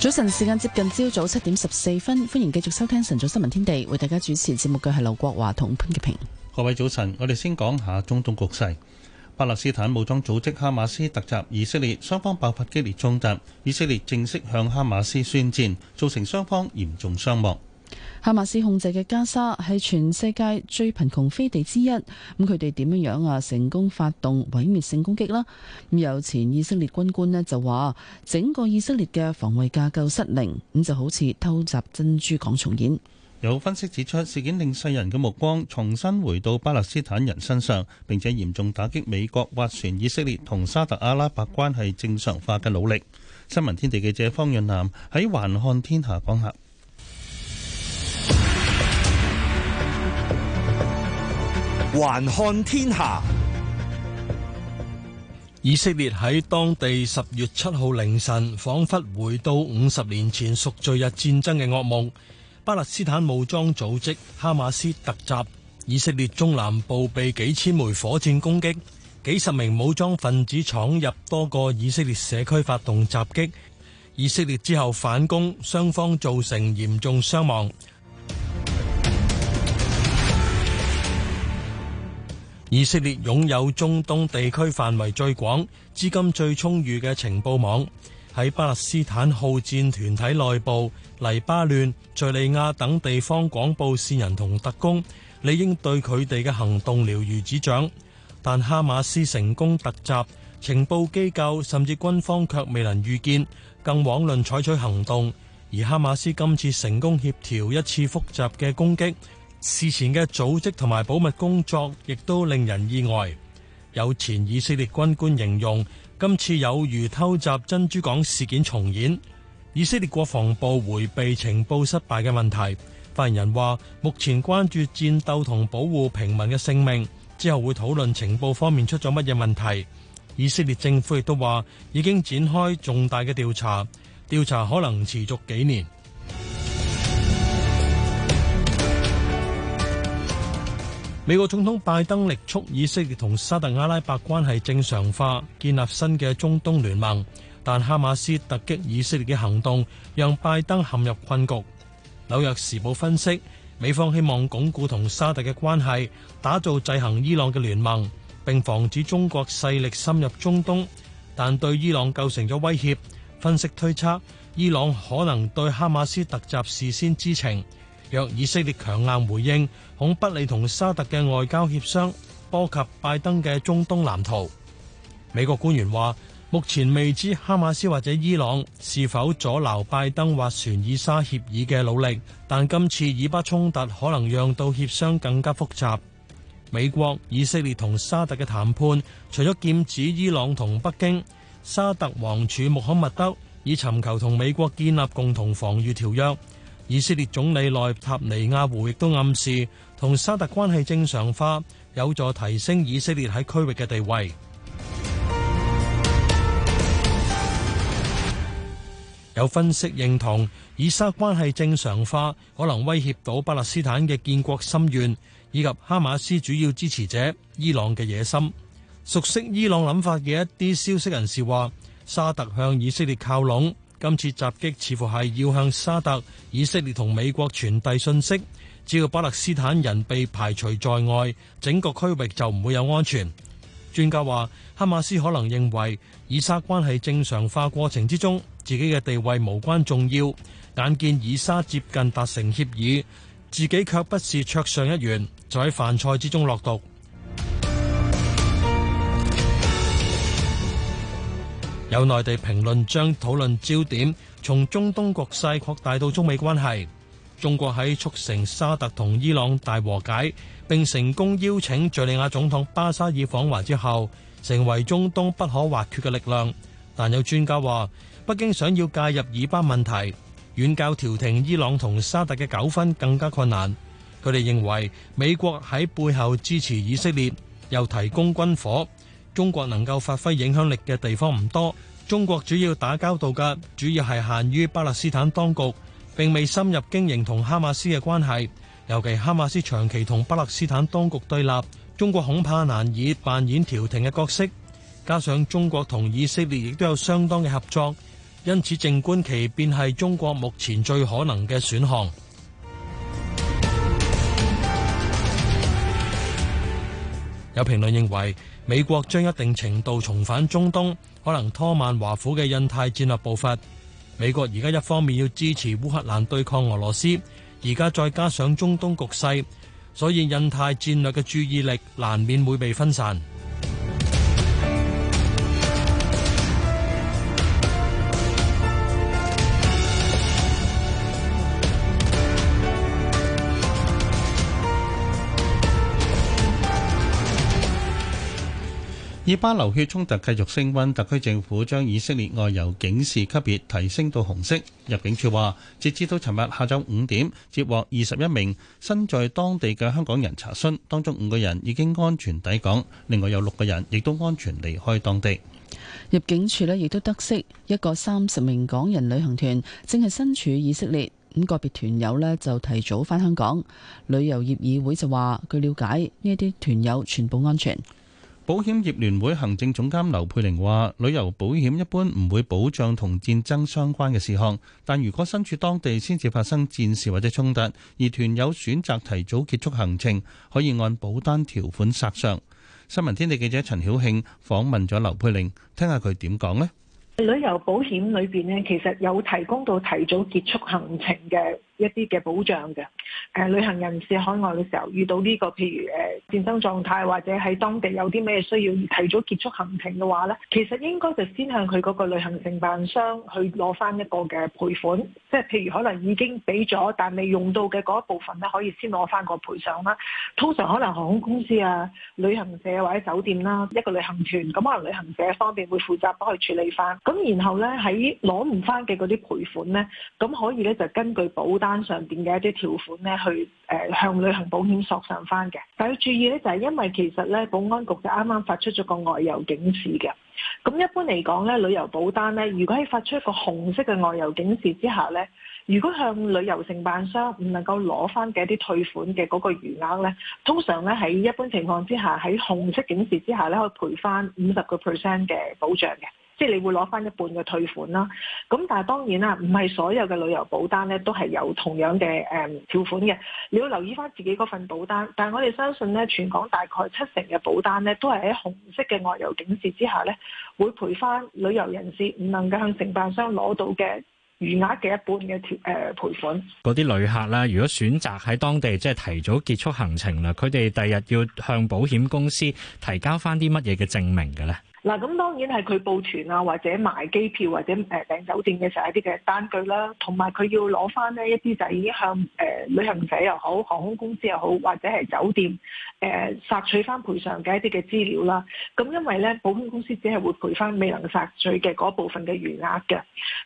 早晨，時間接近朝早七點十四分，歡迎繼續收聽晨早新聞天地，為大家主持節目嘅係劉國華同潘潔平。各位早晨，我哋先講下中東局勢。巴勒斯坦武裝組織哈馬斯突襲以色列，雙方爆發激烈衝突，以色列正式向哈馬斯宣戰，造成雙方嚴重傷亡。哈馬斯控制嘅加沙係全世界最貧窮飛地之一，咁佢哋點樣樣啊成功發動毀滅性攻擊呢？咁有前以色列軍官咧就話，整個以色列嘅防衛架構失靈，咁就好似偷襲珍珠港重演。有分析指出，事件令世人嘅目光重新回到巴勒斯坦人身上，並且嚴重打擊美國斡旋以色列同沙特阿拉伯關係正常化嘅努力。新聞天地記者方潤南喺環看天下講下。還看天下，以色列喺當地十月七號凌晨，仿佛回到五十年前贖罪日戰爭嘅噩夢。巴勒斯坦武裝組織哈馬斯突襲以色列中南部，被幾千枚火箭攻擊，幾十名武裝分子闖入多個以色列社區發動襲擊。以色列之後反攻，雙方造成嚴重傷亡。以色列擁有中東地區範圍最廣、資金最充裕嘅情報網，喺巴勒斯坦好戰團體內部、黎巴嫩、敍利亞等地方廣佈線人同特工，理應對佢哋嘅行動了如指掌。但哈馬斯成功突襲，情報機構甚至軍方卻未能預見，更遑論採取行動。而哈馬斯今次成功協調一次複雜嘅攻擊。事前嘅組織同埋保密工作亦都令人意外。有前以色列軍官形容，今次有如偷襲珍珠港事件重演。以色列國防部迴避情報失敗嘅問題，發言人話目前關注戰鬥同保護平民嘅性命，之後會討論情報方面出咗乜嘢問題。以色列政府亦都話已經展開重大嘅調查，調查可能持續幾年。美國總統拜登力促以色列同沙特阿拉伯關係正常化，建立新嘅中東聯盟，但哈馬斯突擊以色列嘅行動讓拜登陷入困局。紐約時報分析，美方希望鞏固同沙特嘅關係，打造制衡伊朗嘅聯盟，並防止中國勢力深入中東，但對伊朗構成咗威脅。分析推測，伊朗可能對哈馬斯突襲事先知情。若以色列強硬回應，恐不利同沙特嘅外交協商，波及拜登嘅中東藍圖。美國官員話：目前未知哈馬斯或者伊朗是否阻撓拜登斡旋以沙協議嘅努力，但今次以巴衝突可能讓到協商更加複雜。美國、以色列同沙特嘅談判，除咗劍指伊朗同北京，沙特王儲穆罕默德已尋求同美國建立共同防禦條約。以色列總理內塔尼亞胡亦都暗示，同沙特關係正常化有助提升以色列喺區域嘅地位。有分析認同，以沙特關係正常化可能威脅到巴勒斯坦嘅建國心願，以及哈馬斯主要支持者伊朗嘅野心。熟悉伊朗諗法嘅一啲消息人士話，沙特向以色列靠攏。今次襲擊似乎係要向沙特、以色列同美國傳遞信息，只要巴勒斯坦人被排除在外，整個區域就唔會有安全。專家話，哈馬斯可能認為以沙關係正常化過程之中，自己嘅地位無關重要，眼見以沙接近達成協議，自己卻不是桌上一員，就喺飯菜之中落毒。有內地評論將討論焦點從中東局勢擴大到中美關係。中國喺促成沙特同伊朗大和解，並成功邀請敍利亞總統巴沙爾訪華之後，成為中東不可或缺嘅力量。但有專家話，北京想要介入以巴問題，遠較調停伊朗同沙特嘅糾紛更加困難。佢哋認為美國喺背後支持以色列，又提供軍火。中國能夠發揮影響力嘅地方唔多，中國主要打交道嘅主要係限於巴勒斯坦當局，並未深入經營同哈馬斯嘅關係。尤其哈馬斯長期同巴勒斯坦當局對立，中國恐怕難以扮演調停嘅角色。加上中國同以色列亦都有相當嘅合作，因此靜觀其變係中國目前最可能嘅選項。有評論認為，美國將一定程度重返中東，可能拖慢華府嘅印太戰略步伐。美國而家一方面要支持烏克蘭對抗俄羅斯，而家再加上中東局勢，所以印太戰略嘅注意力難免會被分散。以巴流血衝突繼續升溫，特區政府將以色列外遊警示級別提升到紅色。入境處話，截至到尋日下晝五點，接獲二十一名身在當地嘅香港人查詢，當中五個人已經安全抵港，另外有六個人亦都安全離開當地。入境處呢亦都得悉一個三十名港人旅行團正係身處以色列，咁個別團友呢就提早返香港。旅遊業議會就話，據了解，呢啲團友全部安全。保險業聯會行政總監劉佩玲話，旅遊保險一般唔會保障同戰爭相關嘅事項，但如果身處當地先至發生戰事或者衝突，而團友選擇提早結束行程，可以按保單條款索償。新聞天地記者陳曉慶訪問咗劉佩玲，聽下佢點講呢？旅遊保險裏邊呢，其實有提供到提早結束行程嘅。一啲嘅保障嘅，誒、呃、旅行人士海外嘅時候遇到呢、這個譬如誒、呃、戰爭狀態或者喺當地有啲咩需要提早結束行程嘅話咧，其實應該就先向佢嗰個旅行承辦商去攞翻一個嘅賠款，即係譬如可能已經俾咗但未用到嘅嗰一部分咧，可以先攞翻個賠償啦。通常可能航空公司啊、旅行社或者酒店啦，一個旅行團咁可能旅行社方面會負責幫佢處理翻。咁然後咧喺攞唔翻嘅嗰啲賠款咧，咁可以咧就根據保單。單上邊嘅一啲條款咧，去誒、呃、向旅行保險索償翻嘅。但要注意咧，就係、是、因為其實咧，保安局就啱啱發出咗個外遊警示嘅。咁一般嚟講咧，旅遊保單咧，如果喺發出一個紅色嘅外遊警示之下咧，如果向旅遊承辦商唔能夠攞翻嘅一啲退款嘅嗰個餘額咧，通常咧，喺一般情況之下，喺紅色警示之下咧，可以賠翻五十個 percent 嘅保障嘅。即係你會攞翻一半嘅退款啦，咁但係當然啦，唔係所有嘅旅遊保單咧都係有同樣嘅誒條款嘅。你要留意翻自己嗰份保單。但係我哋相信咧，全港大概七成嘅保單咧都係喺紅色嘅外遊警示之下咧，會賠翻旅遊人士唔能夠向承辦商攞到嘅餘額嘅一半嘅條誒賠款。嗰啲旅客咧，如果選擇喺當地即係、就是、提早結束行程啦，佢哋第日要向保險公司提交翻啲乜嘢嘅證明嘅咧？嗱，咁當然係佢報團啊，或者買機票或者誒訂酒店嘅時候一啲嘅單據啦，同埋佢要攞翻呢一啲就已經向誒、呃、旅行社又好航空公司又好或者係酒店誒索、呃、取翻賠償嘅一啲嘅資料啦。咁因為咧保險公司只係會賠翻未能索取嘅嗰部分嘅餘額嘅。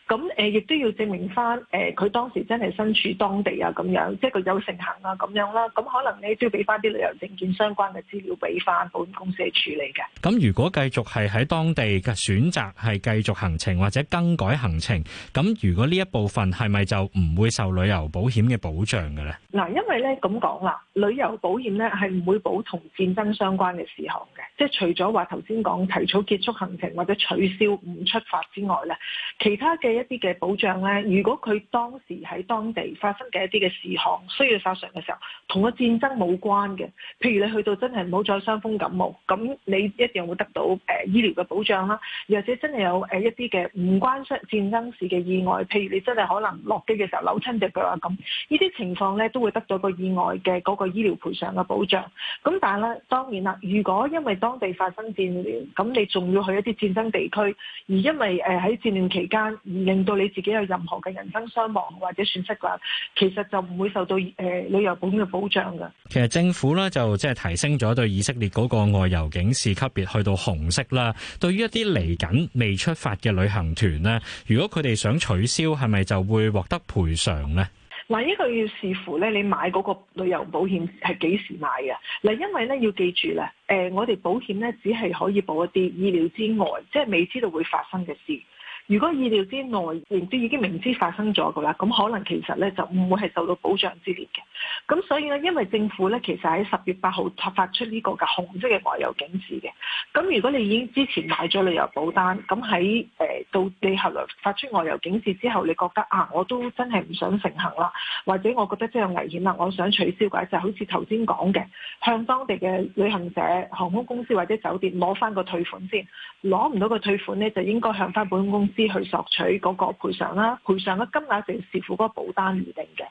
咁誒亦都要證明翻誒佢當時真係身處當地啊咁樣，即係佢有成行啊咁樣啦。咁可能咧都要俾翻啲旅遊證件相關嘅資料俾翻保險公司去處理嘅。咁如果繼續係。喺當地嘅選擇係繼續行程或者更改行程，咁如果呢一部分係咪就唔會受旅遊保險嘅保障嘅咧？嗱，因為咧咁講啦，旅遊保險咧係唔會保同戰爭相關嘅事項嘅，即係除咗話頭先講提早結束行程或者取消唔出發之外咧，其他嘅一啲嘅保障咧，如果佢當時喺當地發生嘅一啲嘅事項需要發償嘅時候，同個戰爭冇關嘅，譬如你去到真係唔好再傷風感冒，咁你一樣會得到誒。醫療嘅保障啦，又或者真係有誒一啲嘅唔關戰爭事嘅意外，譬如你真係可能落機嘅時候扭親隻腳啊咁，呢啲情況咧都會得到個意外嘅嗰個醫療賠償嘅保障。咁但係咧，當然啦，如果因為當地發生戰亂，咁你仲要去一啲戰爭地區，而因為誒喺戰亂期間，而令到你自己有任何嘅人身傷亡或者損失嘅話，其實就唔會受到誒、呃、旅遊保險嘅保障㗎。其實政府咧就即係提升咗對以色列嗰個外遊警示級別去到紅色啦。啊、對於一啲嚟緊未出發嘅旅行團咧，如果佢哋想取消，係咪就會獲得賠償呢？嗱，呢個要視乎咧，你買嗰個旅遊保險係幾時買嘅？嗱，因為咧要記住咧，誒、呃，我哋保險咧只係可以保一啲意料之外，即係未知道會發生嘅事。如果意料之內，亦都已經明知發生咗嘅啦，咁可能其實咧就唔會係受到保障之列嘅。咁所以咧，因為政府咧其實喺十月八號發出呢個嘅紅色嘅外遊警示嘅。咁如果你已經之前買咗旅遊保單，咁喺誒到你後來發出外遊警示之後，你覺得啊，我都真係唔想成行啦，或者我覺得真係危險啦，我想取消嘅話，就係好似頭先講嘅，向當地嘅旅行社、航空公司或者酒店攞翻個退款先。攞唔到個退款咧，就應該向翻保險公司。先去索取嗰個賠償啦，賠償嘅金額係視乎嗰個保單而定嘅。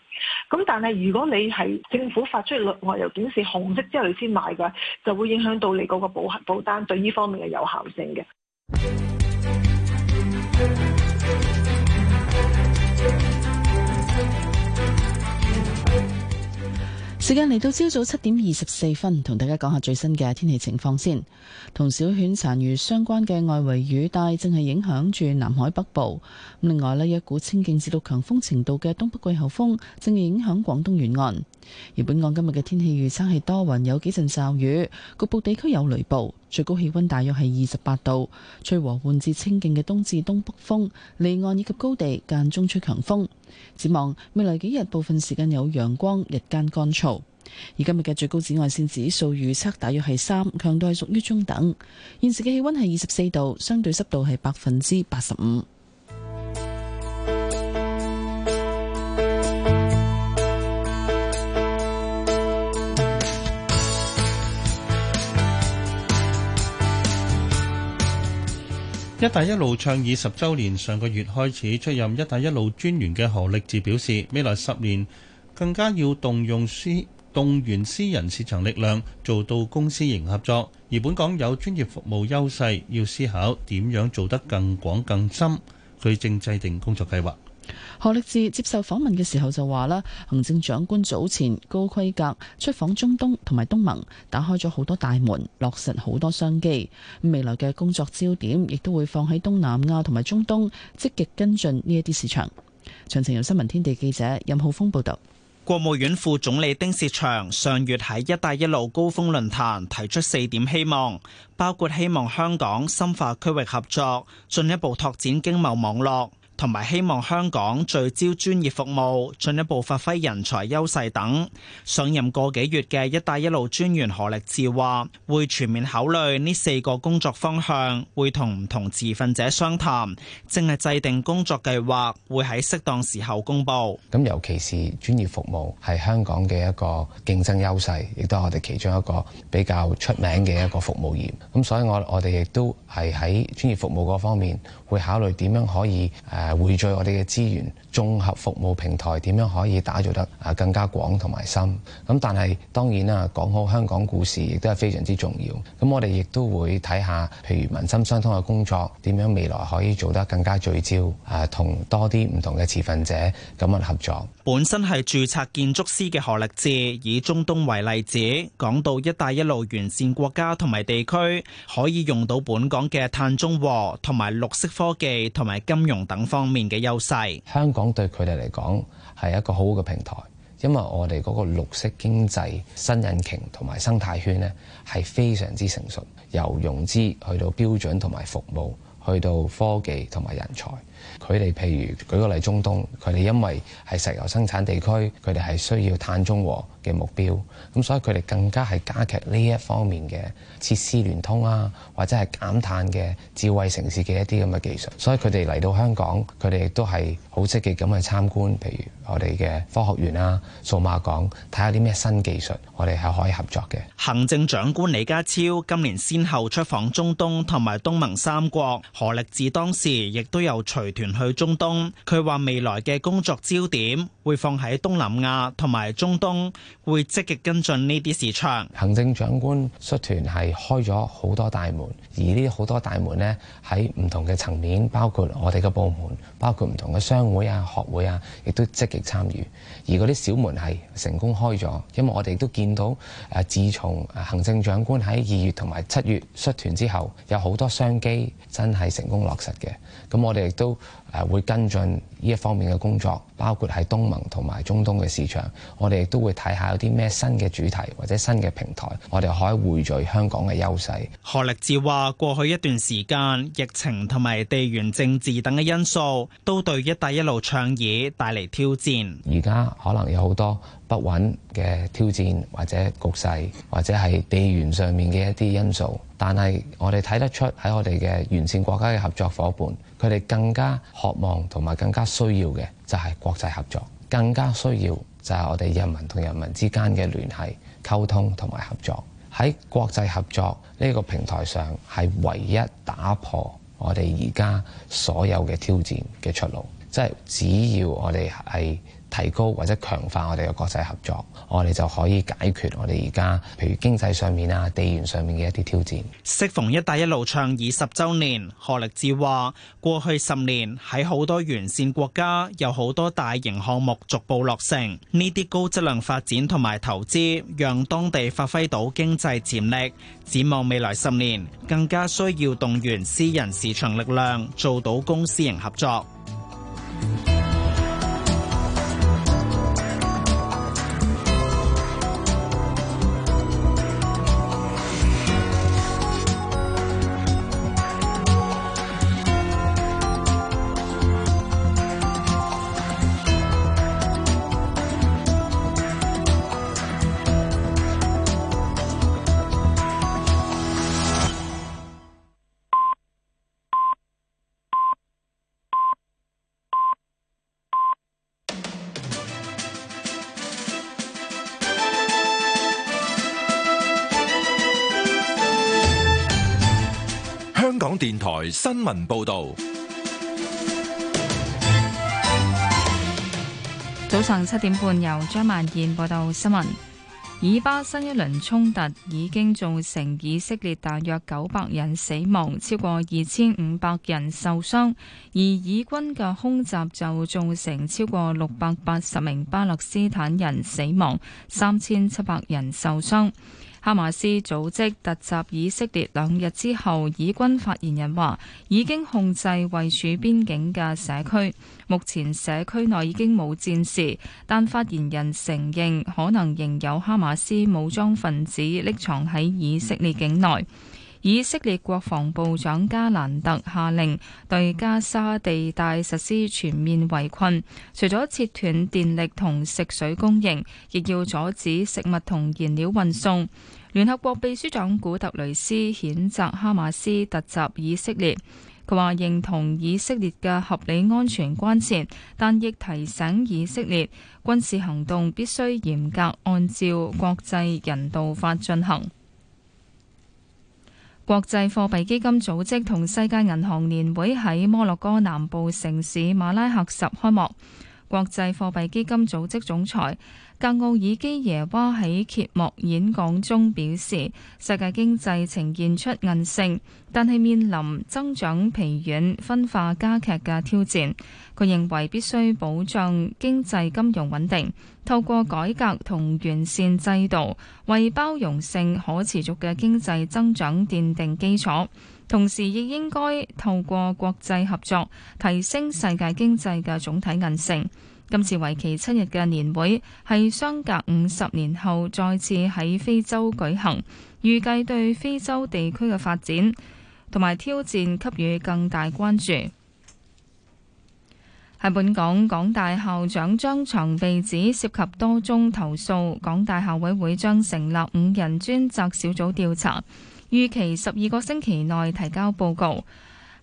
咁但係如果你係政府發出綠外遊警示紅色之後你先買嘅，就會影響到你嗰個保保單對呢方面嘅有效性嘅。時間嚟到朝早七點二十四分，同大家講下最新嘅天氣情況先。同小犬殘餘相關嘅外圍雨帶正係影響住南海北部。另外呢，一股清勁至到強風程度嘅東北季候風正係影響廣東沿岸。而本港今日嘅天氣預測係多雲，有幾陣驟雨，局部地區有雷暴，最高氣溫大約係二十八度，吹和緩至清勁嘅東至東北風，離岸以及高地間中吹強風。展望未來幾日，部分時間有陽光，日間乾燥。而今日嘅最高紫外線指數預測大約係三，強度係屬於中等。現時嘅氣溫係二十四度，相對濕度係百分之八十五。“一帶一路”倡議十週年，上個月開始出任“一帶一路”專員嘅何力志表示，未來十年更加要動用私動員私人市場力量，做到公私營合作。而本港有專業服務優勢，要思考點樣做得更廣更深。佢正制定工作計劃。何力智接受訪問嘅時候就話啦，行政長官早前高規格出訪中東同埋東盟，打開咗好多大門，落實好多商機。未來嘅工作焦點亦都會放喺東南亞同埋中東，積極跟進呢一啲市場。詳情由新聞天地記者任浩峰報道。國務院副總理丁薛祥上月喺一帶一路高峰論壇提出四點希望，包括希望香港深化區域合作，進一步拓展經貿網絡。同埋希望香港聚焦專業服務進一步發揮人才優勢等。上任個幾月嘅一帶一路專員何力志話會全面考慮呢四個工作方向，會同唔同持份者商談，正係制定工作計劃會喺適當時候公布，咁尤其是專業服務係香港嘅一個競爭優勢，亦都係我哋其中一個比較出名嘅一個服務業，咁所以我我哋亦都係喺專業服務嗰方面。會考慮點樣可以誒匯聚我哋嘅資源。綜合服務平台點樣可以打造得啊更加廣同埋深？咁但係當然啦，講好香港故事亦都係非常之重要。咁我哋亦都會睇下，譬如民心相通嘅工作點樣未來可以做得更加聚焦啊，同多啲唔同嘅持份者咁樣合作。本身係註冊建築師嘅何力志，以中東為例子，講到一帶一路完善國家同埋地區可以用到本港嘅碳中和同埋綠色科技同埋金融等方面嘅優勢。香港。講對佢哋嚟講係一個好好嘅平台，因為我哋嗰個綠色經濟新引擎同埋生態圈呢，係非常之成熟，由融資去到標準同埋服務，去到科技同埋人才。佢哋譬如舉個例，中東佢哋因為係石油生產地區，佢哋係需要碳中和嘅目標，咁所以佢哋更加係加劇呢一方面嘅設施聯通啊，或者係減碳嘅智慧城市嘅一啲咁嘅技術。所以佢哋嚟到香港，佢哋亦都係好積極咁去參觀，譬如我哋嘅科學園啊、數碼港，睇下啲咩新技術，我哋係可以合作嘅。行政長官李家超今年先後出訪中東同埋東盟三國，何力智當時亦都有隨團去中東。佢話未來嘅工作焦點會放喺東南亞同埋中東。會積極跟進呢啲市場。行政長官率團係開咗好多大門，而呢好多大門呢，喺唔同嘅層面，包括我哋嘅部門，包括唔同嘅商會啊、學會啊，亦都積極參與。而嗰啲小門係成功開咗，因為我哋都見到誒，自從行政長官喺二月同埋七月率團之後，有好多商機真係成功落實嘅。咁我哋亦都。誒會跟進呢一方面嘅工作，包括喺東盟同埋中東嘅市場，我哋都會睇下有啲咩新嘅主題或者新嘅平台，我哋可以匯聚香港嘅優勢。何力志話過去一段時間疫情同埋地緣政治等嘅因素，都對一帶一路倡議帶嚟挑戰，而家可能有好多不穩嘅挑戰或者局勢或者係地緣上面嘅一啲因素。但係我哋睇得出喺我哋嘅沿線國家嘅合作伙伴，佢哋更加。渴望同埋更加需要嘅就係國際合作，更加需要就係我哋人民同人民之間嘅聯繫溝通同埋合作。喺國際合作呢個平台上，係唯一打破我哋而家所有嘅挑戰嘅出路。即係只要我哋係。提高或者強化我哋嘅國際合作，我哋就可以解決我哋而家譬如經濟上面啊、地緣上面嘅一啲挑戰。適逢「一帶一路」倡議十周年，何力智話，過去十年喺好多沿線國家有好多大型項目逐步落成，呢啲高質量發展同埋投資，讓當地發揮到經濟潛力。展望未來十年，更加需要動員私人市場力量，做到公私營合作。新聞報道。早上七點半，由張萬燕報道新聞。以巴新一輪衝突已經造成以色列大約九百人死亡，超過二千五百人受傷；而以軍嘅空襲就造成超過六百八十名巴勒斯坦人死亡，三千七百人受傷。哈馬斯組織突襲以色列兩日之後，以軍發言人話已經控制位處邊境嘅社區，目前社區內已經冇戰事，但發言人承認可能仍有哈馬斯武裝分子匿藏喺以色列境內。以色列國防部長加蘭特下令對加沙地帶實施全面圍困，除咗切斷電力同食水供應，亦要阻止食物同燃料運送。聯合國秘書長古特雷斯譴責哈馬斯突襲以色列，佢話認同以色列嘅合理安全關切，但亦提醒以色列軍事行動必須嚴格按照國際人道法進行。國際貨幣基金組織同世界銀行年會喺摩洛哥南部城市馬拉喀什開幕。國際貨幣基金組織總裁格奧爾基耶娃喺揭幕演講中表示，世界經濟呈現出韌性，但係面臨增長疲軟、分化加劇嘅挑戰。佢認為必須保障經濟金融穩定，透過改革同完善制度，為包容性、可持續嘅經濟增長奠定基礎。同時，亦應該透過國際合作，提升世界經濟嘅總體韌性。今次為期七日嘅年會係相隔五十年後再次喺非洲舉行，預計對非洲地區嘅發展同埋挑戰給予更大關注。喺本港，港大校長張翔被指涉及多宗投訴，港大校委會將成立五人專責小組調查，預期十二個星期內提交報告。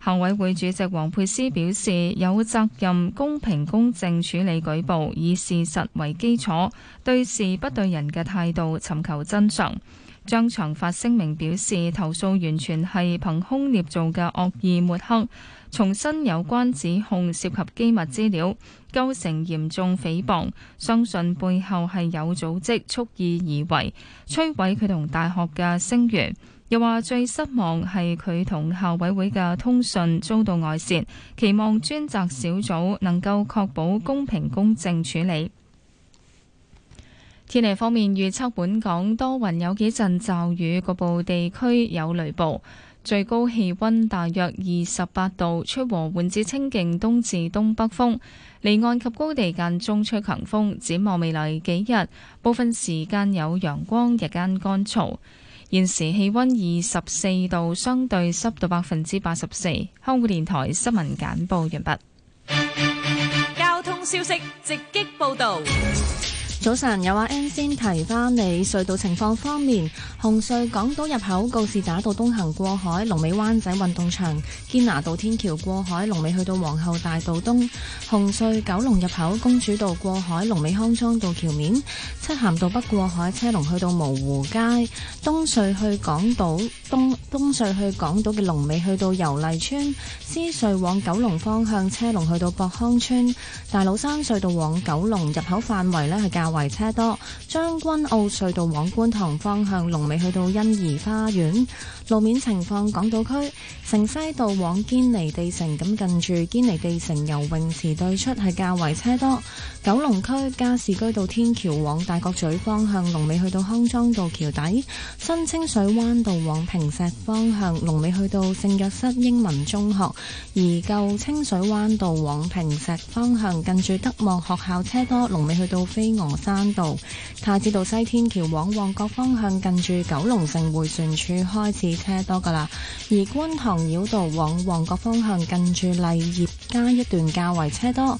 校委會主席王佩斯表示，有責任公平公正處理舉報，以事實為基礎，對事不對人嘅態度，尋求真相。張長發聲明表示，投訴完全係憑空捏造嘅惡意抹黑，重申有關指控涉及機密資料，構成嚴重誹謗，相信背後係有組織蓄意而為，摧毀佢同大學嘅聲譽。又話最失望係佢同校委會嘅通訊遭到外泄，期望專責小組能夠確保公平公正處理。天氣方面預測，本港多雲有幾陣驟雨，局部地區有雷暴，最高氣温大約二十八度，吹和緩至清勁東至東北風，離岸及高地間中吹強風。展望未來幾日，部分時間有陽光，日間乾燥。現時氣温二十四度，相對濕度百分之八十四。香港電台新聞簡報完畢。交通消息直擊報道。早晨，有阿 N 先提翻你隧道情況方面，紅隧港島入口告士打道東行過海，龍尾灣仔運動場；堅拿道天橋過海，龍尾去到皇后大道東。紅隧九龍入口公主道過海，龍尾康莊道橋面；漆咸道北過海，車龍去到蕪湖街。東隧去港島東，東隧去港島嘅龍尾去到油麗村。獅隧往九龍方向，車龍去到博康村。大老山隧道往九龍入口範圍咧係較為車多，將軍澳隧道往觀塘方向，龍尾去到欣怡花園。路面情況，港島區城西道往堅尼地城，咁近住堅尼地城游泳池對出係較為車多。九龍區加士居道天橋往大角咀方向，龍尾去到康莊道橋底。新清水灣道往坪石方向，龍尾去到聖約瑟英文中學。而舊清水灣道往坪石方向，近住德望學校車多，龍尾去到飛鵝山道。太子道西天橋往旺角方向，近住九龍城迴旋處開始。車多噶啦。而觀塘繞道往旺角方向，近住麗業街一段較為車多。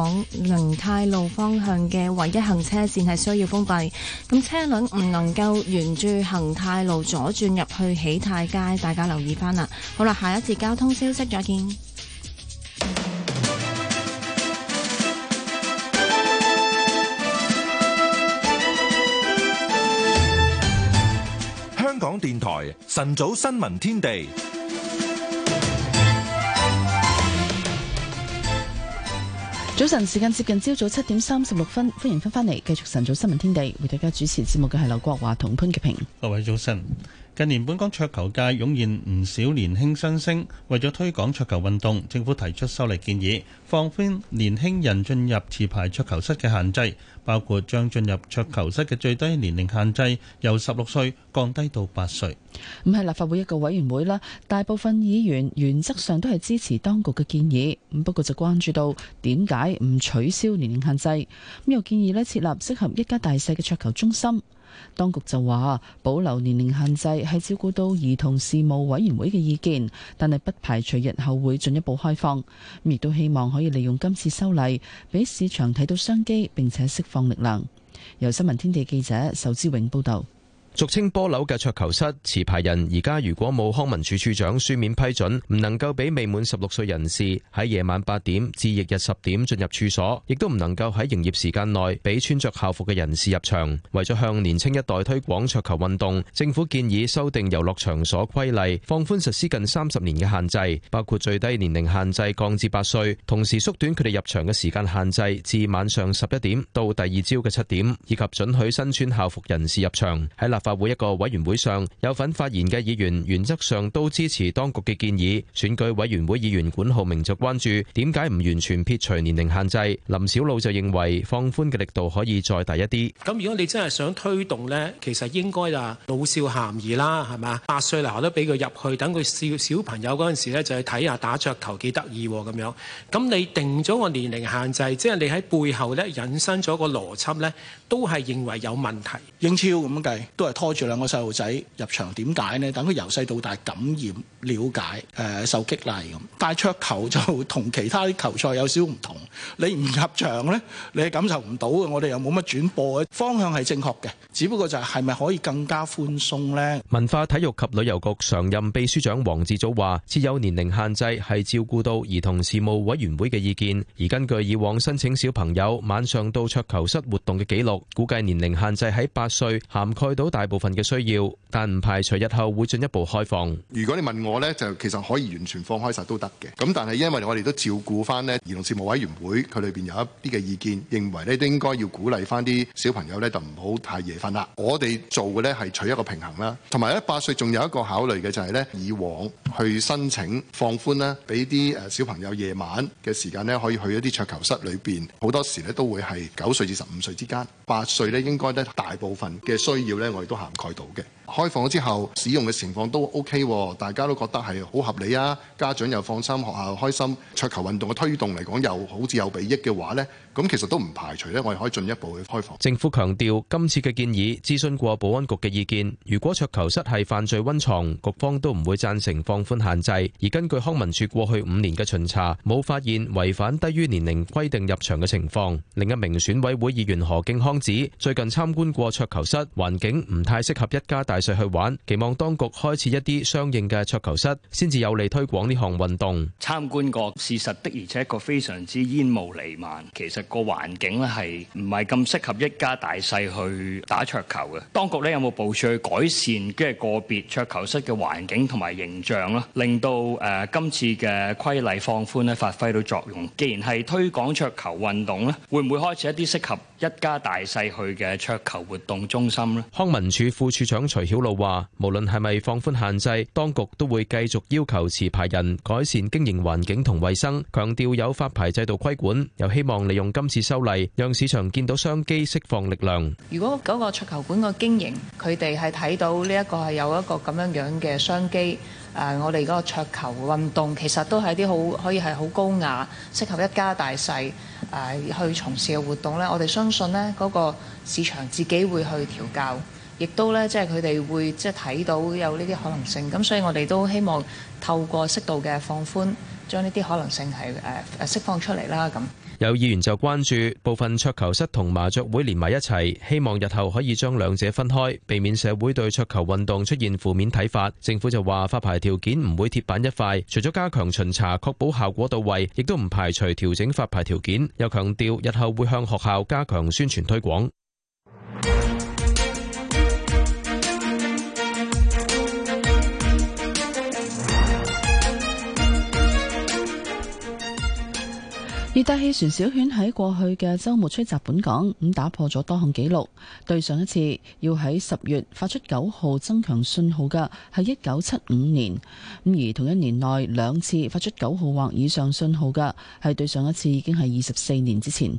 往靈泰路方向嘅唯一行車線係需要封閉，咁車輛唔能夠沿住恒泰路左轉入去喜泰街，大家留意翻啦。好啦，下一節交通消息再見。香港電台晨早新聞天地。早晨，時間接近朝早七點三十六分，歡迎翻返嚟繼續晨早新聞天地。為大家主持節目嘅係劉國華同潘潔平。各位早晨。近年本港桌球界湧現唔少年輕新星，為咗推廣桌球運動，政府提出修例建議，放寬年輕人進入持牌桌球室嘅限制，包括將進入桌球室嘅最低年齡限制由十六歲降低到八歲。咁喺立法會一個委員會啦，大部分議員原則上都係支持當局嘅建議，咁不過就關注到點解唔取消年齡限制，咁又建議咧設立適合一家大細嘅桌球中心。當局就話保留年齡限制係照顧到兒童事務委員會嘅意見，但係不排除日後會進一步開放。亦都希望可以利用今次修例，俾市場睇到商機，並且釋放力量。由新聞天地記者仇之永報道。俗稱波樓嘅桌球室持牌人而家如果冇康文署署長書面批准，唔能夠俾未滿十六歲人士喺夜晚八點至翌日十點進入處所，亦都唔能夠喺營業時間內俾穿着校服嘅人士入場。為咗向年青一代推廣桌球運動，政府建議修訂遊樂場所規例，放寬實施近三十年嘅限制，包括最低年齡限制降至八歲，同時縮短佢哋入場嘅時間限制至晚上十一點到第二朝嘅七點，以及准許身穿校服人士入場喺立立法會一個委員會上，有份發言嘅議員原則上都支持當局嘅建議。選舉委員會議員管浩鳴就關注點解唔完全撇除年齡限制。林小露就認為放寬嘅力度可以再大一啲。咁如果你真係想推動咧，其實應該啦，老少咸宜啦，係咪，八歲嗱，都俾佢入去，等佢小小朋友嗰陣時咧，就去睇下打桌球幾得意咁樣。咁你定咗個年齡限制，即係你喺背後咧引申咗個邏輯咧，都係認為有問題。英超咁計都。拖住兩個細路仔入場，點解呢？等佢由細到大感染、了解、誒、呃、受激勵咁。但係桌球就同其他啲球賽有少唔同，你唔入場呢？你感受唔到嘅。我哋又冇乜轉播，方向係正確嘅，只不過就係咪可以更加寬鬆呢？文化體育及旅遊局常任秘書長黃智祖話：設有年齡限制係照顧到兒童事務委員會嘅意見，而根據以往申請小朋友晚上到桌球室活動嘅記錄，估計年齡限制喺八歲，涵蓋到大大部分嘅需要，但唔排除日後會進一步開放。如果你問我呢，就其實可以完全放開晒都得嘅。咁但係因為我哋都照顧翻呢，兒童事務委員會，佢裏邊有一啲嘅意見，認為呢都應該要鼓勵翻啲小朋友呢，就唔好太夜瞓啦。我哋做嘅呢，係取一個平衡啦。同埋咧，八歲仲有一個考慮嘅就係呢，以往去申請放寬咧，俾啲誒小朋友夜晚嘅時間呢，可以去一啲桌球室裏邊，好多時呢都會係九歲至十五歲之間。八歲呢應該呢大部分嘅需要呢。我哋。都涵蓋到嘅，開放咗之後，使用嘅情況都 OK 喎，大家都覺得係好合理啊，家長又放心，學校又開心，桌球運動嘅推動嚟講又好似有裨益嘅話咧。咁其實都唔排除咧，我哋可以進一步去開放。政府強調今次嘅建議諮詢過保安局嘅意見，如果桌球室係犯罪溫床，局方都唔會贊成放寬限制。而根據康文署過去五年嘅巡查，冇發現違反低於年齡規定入場嘅情況。另一名選委會議員何敬康指，最近參觀過桌球室，環境唔太適合一家大細去玩。期望當局開設一啲相應嘅桌球室，先至有利推廣呢項運動。參觀過事實的而且確非常之煙霧瀰漫，其實。個環境咧係唔係咁適合一家大細去打桌球嘅？當局咧有冇部署去改善即係個別桌球室嘅環境同埋形象啦？令到誒今次嘅規例放寬咧發揮到作用。既然係推廣桌球運動咧，會唔會開始一啲適合一家大細去嘅桌球活動中心咧？康文署副署長徐曉露話，無論係咪放寬限制，當局都會繼續要求持牌人改善經營環境同衛生，強調有發牌制度規管，又希望利用。今次修例，讓市場見到商機，釋放力量。如果嗰個桌球館個經營，佢哋係睇到呢一個係有一個咁樣樣嘅商機。誒，我哋嗰個桌球運動其實都係啲好可以係好高雅、適合一家大細誒去從事嘅活動咧。我哋相信咧，嗰個市場自己會去調校，亦都咧即係佢哋會即係睇到有呢啲可能性。咁，所以我哋都希望透過適度嘅放寬，將呢啲可能性係誒誒釋放出嚟啦。咁。有議員就關注部分桌球室同麻雀會連埋一齊，希望日後可以將兩者分開，避免社會對桌球運動出現負面睇法。政府就話發牌條件唔會鐵板一塊，除咗加強巡查確保效果到位，亦都唔排除調整發牌條件。又強調日後會向學校加強宣傳推廣。熱帶氣旋小犬喺過去嘅周末吹襲本港，咁打破咗多項紀錄。對上一次要喺十月發出九號增強信號嘅係一九七五年，咁而同一年內兩次發出九號或以上信號嘅係對上一次已經係二十四年之前。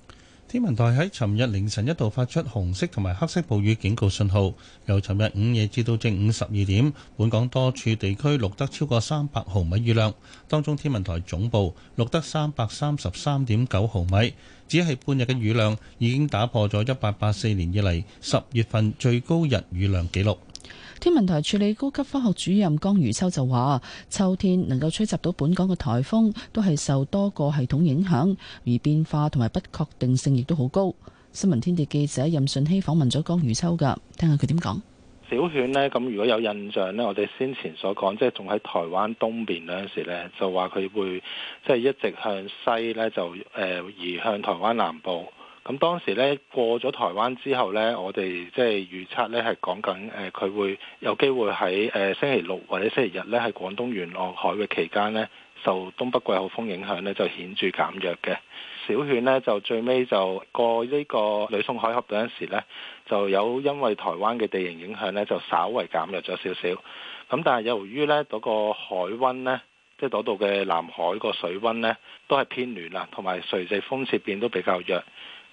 天文台喺尋日凌晨一度發出紅色同埋黑色暴雨警告信號，由尋日午夜至到正午十二點，本港多處地區錄得超過三百毫米雨量，當中天文台總部錄得三百三十三點九毫米，只係半日嘅雨量已經打破咗一八八四年以嚟十月份最高日雨量紀錄。天文台助理高級科學主任江如秋就話：秋天能夠吹襲到本港嘅颱風，都係受多個系統影響，而變化同埋不確定性亦都好高。新聞天地記者任信希訪問咗江如秋，㗎，聽下佢點講。小犬呢，咁如果有印象呢，我哋先前所講即係仲喺台灣東邊嗰陣時呢，就話佢會即係、就是、一直向西呢，就誒移、呃、向台灣南部。咁當時咧過咗台灣之後咧，我哋即係預測咧係講緊誒，佢、呃、會有機會喺誒、呃、星期六或者星期日咧喺廣東沿岸海域期間呢，受東北季候風影響咧就顯著減弱嘅小犬呢，就最尾就過呢個呂宋海峽嗰陣時咧，就有因為台灣嘅地形影響呢，就稍為減弱咗少少。咁但係由於呢嗰個海溫呢，即係嗰度嘅南海個水溫呢，都係偏暖啦，同埋垂直風切變都比較弱。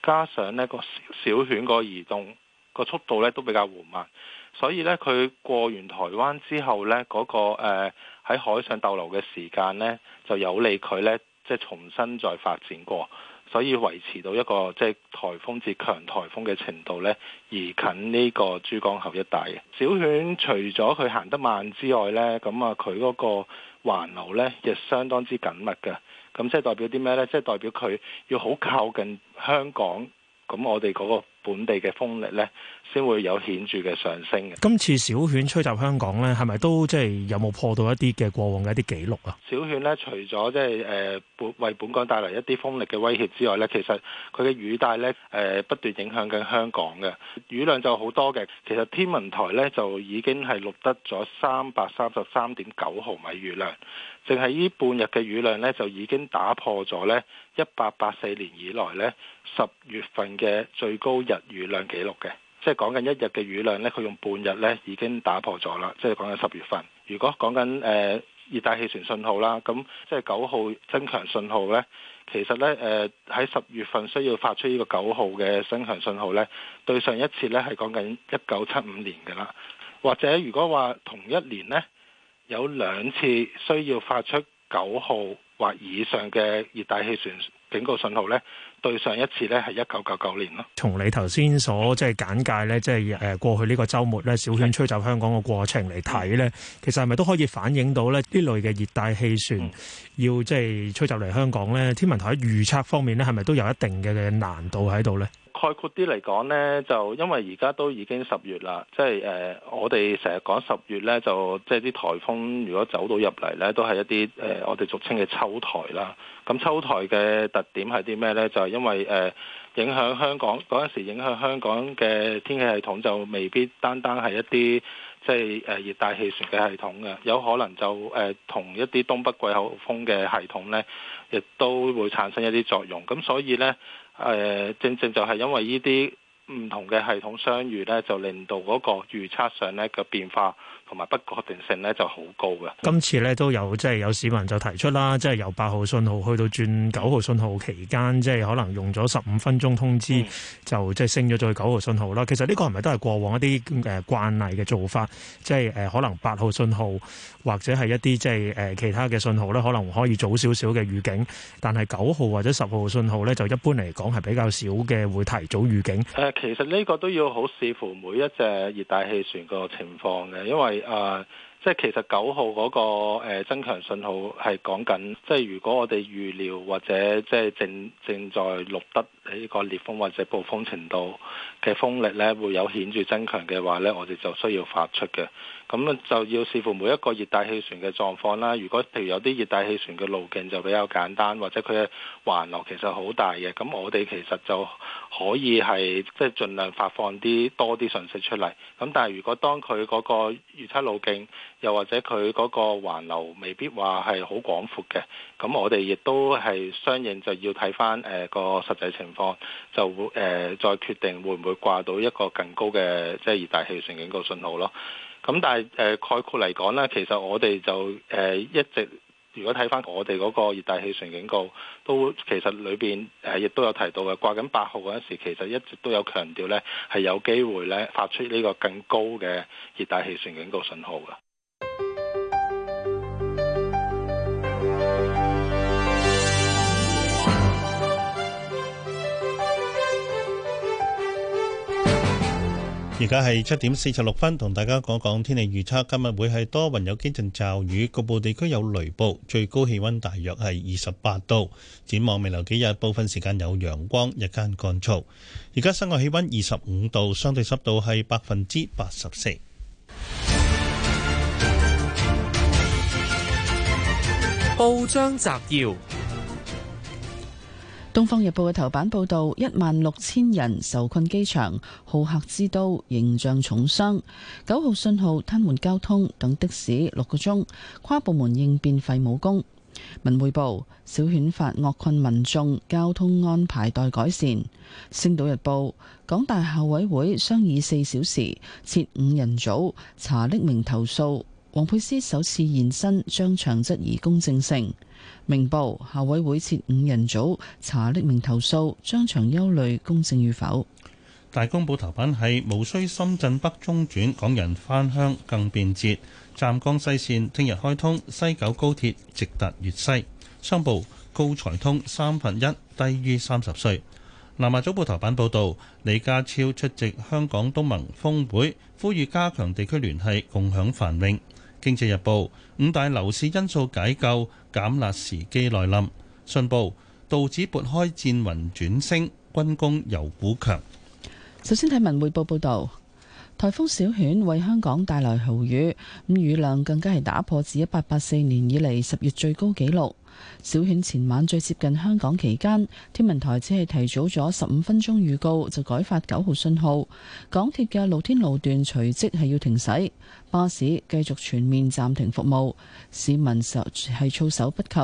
加上呢個小犬個移動個速度呢都比較緩慢，所以呢，佢過完台灣之後呢嗰個誒喺海上逗留嘅時間呢，就有利佢呢即係重新再發展過，所以維持到一個即係颱風至強颱風嘅程度呢，移近呢個珠江口一帶嘅小犬，除咗佢行得慢之外呢，咁啊佢嗰個環流呢亦相當之緊密嘅。咁即係代表啲咩咧？即係代表佢要好靠近香港。咁我哋嗰個本地嘅風力呢，先會有顯著嘅上升嘅。今次小犬吹襲香港呢，係咪都即係有冇破到一啲嘅過往嘅一啲記錄啊？小犬呢，除咗即係誒為本港帶嚟一啲風力嘅威脅之外呢，其實佢嘅雨帶呢，誒、呃、不斷影響緊香港嘅雨量就好多嘅。其實天文台呢，就已經係錄得咗三百三十三點九毫米雨量，淨係呢半日嘅雨量呢，就已經打破咗呢，一八八四年以來呢，十月份嘅最高日雨量記錄嘅，即係講緊一日嘅雨量呢，佢用半日呢已經打破咗啦。即係講緊十月份。如果講緊誒熱帶氣旋信號啦，咁即係九號增強信號呢，其實呢，誒喺十月份需要發出呢個九號嘅增強信號呢，對上一次呢係講緊一九七五年嘅啦。或者如果話同一年呢，有兩次需要發出九號。或以上嘅熱帶氣旋警告信號咧，對上一次咧係一九九九年咯。從你頭先所即係簡介咧，即係誒過去呢個週末咧，小犬吹襲香港嘅過程嚟睇咧，嗯、其實係咪都可以反映到咧呢類嘅熱帶氣旋要即係吹襲嚟香港咧？天文台喺預測方面咧，係咪都有一定嘅嘅難度喺度咧？概括啲嚟講呢，就因為而家都已經十月啦，即係誒，我哋成日講十月呢，就即係啲颱風如果走到入嚟呢，都係一啲誒、呃，我哋俗稱嘅秋台啦。咁秋台嘅特點係啲咩呢？就係、是、因為誒、呃、影響香港嗰陣時影響香港嘅天氣系統，就未必單單係一啲即係誒熱帶氣旋嘅系統嘅，有可能就誒同、呃、一啲東北季候風嘅系統呢，亦都會產生一啲作用。咁所以呢。誒、呃，正正就係因為呢啲唔同嘅系統相遇咧，就令到嗰個預測上咧嘅變化，同埋不確定性咧就好高嘅。今次咧都有即係有市民就提出啦，即係由八號信號去到轉九號信號期間，即係可能用咗十五分鐘通知，嗯、就即係升咗再去九號信號啦。其實呢個係咪都係過往一啲誒、呃、慣例嘅做法？即係誒、呃、可能八號信號或者係一啲即係誒其他嘅信號咧，可能可以早少少嘅預警。但係九號或者十號信號咧，就一般嚟講係比較少嘅會提早預警。誒、呃，其實呢個都要好視乎每一隻熱帶氣旋個情況嘅，因為。啊，uh, 即係其實九號嗰，那個誒、呃、增強信號係講緊，即係如果我哋預料或者即係正正在錄得呢個烈風或者暴風程度嘅風力咧，會有顯著增強嘅話咧，我哋就需要發出嘅。咁就要視乎每一個熱帶氣旋嘅狀況啦。如果譬如有啲熱帶氣旋嘅路徑就比較簡單，或者佢嘅環流其實好大嘅，咁我哋其實就可以係即係盡量發放啲多啲訊息出嚟。咁但係如果當佢嗰個預測路徑，又或者佢嗰個環流未必話係好廣闊嘅，咁我哋亦都係相應就要睇翻誒個實際情況，就會誒、呃、再決定會唔會掛到一個更高嘅即係熱帶氣旋警告信號咯。咁但係誒、呃、概括嚟講咧，其實我哋就誒、呃、一直，如果睇翻我哋嗰個熱帶氣旋警告，都其實裏邊誒亦都有提到嘅。掛緊八號嗰陣時，其實一直都有強調呢係有機會呢發出呢個更高嘅熱帶氣旋警告信號嘅。而家係七點四十六分，同大家講講天氣預測。今日會係多雲有幾陣驟雨，局部地區有雷暴，最高氣溫大約係二十八度。展望未來幾日，部分時間有陽光，日間乾燥。而家室外氣溫二十五度，相對濕度係百分之八十四。報章摘要。《東方日報》嘅頭版報道：一萬六千人受困機場，好客之都形象重傷；九號信號癱瘓交通等的士六個鐘，跨部門應變廢武功。《文匯報》：小犬發惡困民眾，交通安排待改善。《星島日報》：港大校委會商議四小時，設五人組查匿名投訴。王沛詩首次現身，將長質疑公正性。明報校委會設五人組查匿名投訴，張長憂慮公正與否。大公報頭版係無需深圳北中轉，港人返鄉更便捷。湛江西綫聽日開通，西九高鐵直達粵西。商報高才通三分一低於三十歲。南華早報頭版報道，李家超出席香港東盟峰會，呼籲加強地區聯繫，共享繁榮。《經濟日報》五大樓市因素解救減辣時機來臨，《信報》道指撥開戰雲轉升，軍工油股強。首先睇文匯報報道，颱風小犬為香港帶來豪雨，雨量更加係打破自一八八四年以嚟十月最高紀錄。小犬前晚最接近香港期間，天文台只係提早咗十五分鐘預告就改發九號信號，港鐵嘅露天路段隨即係要停駛，巴士繼續全面暫停服務，市民實係措手不及，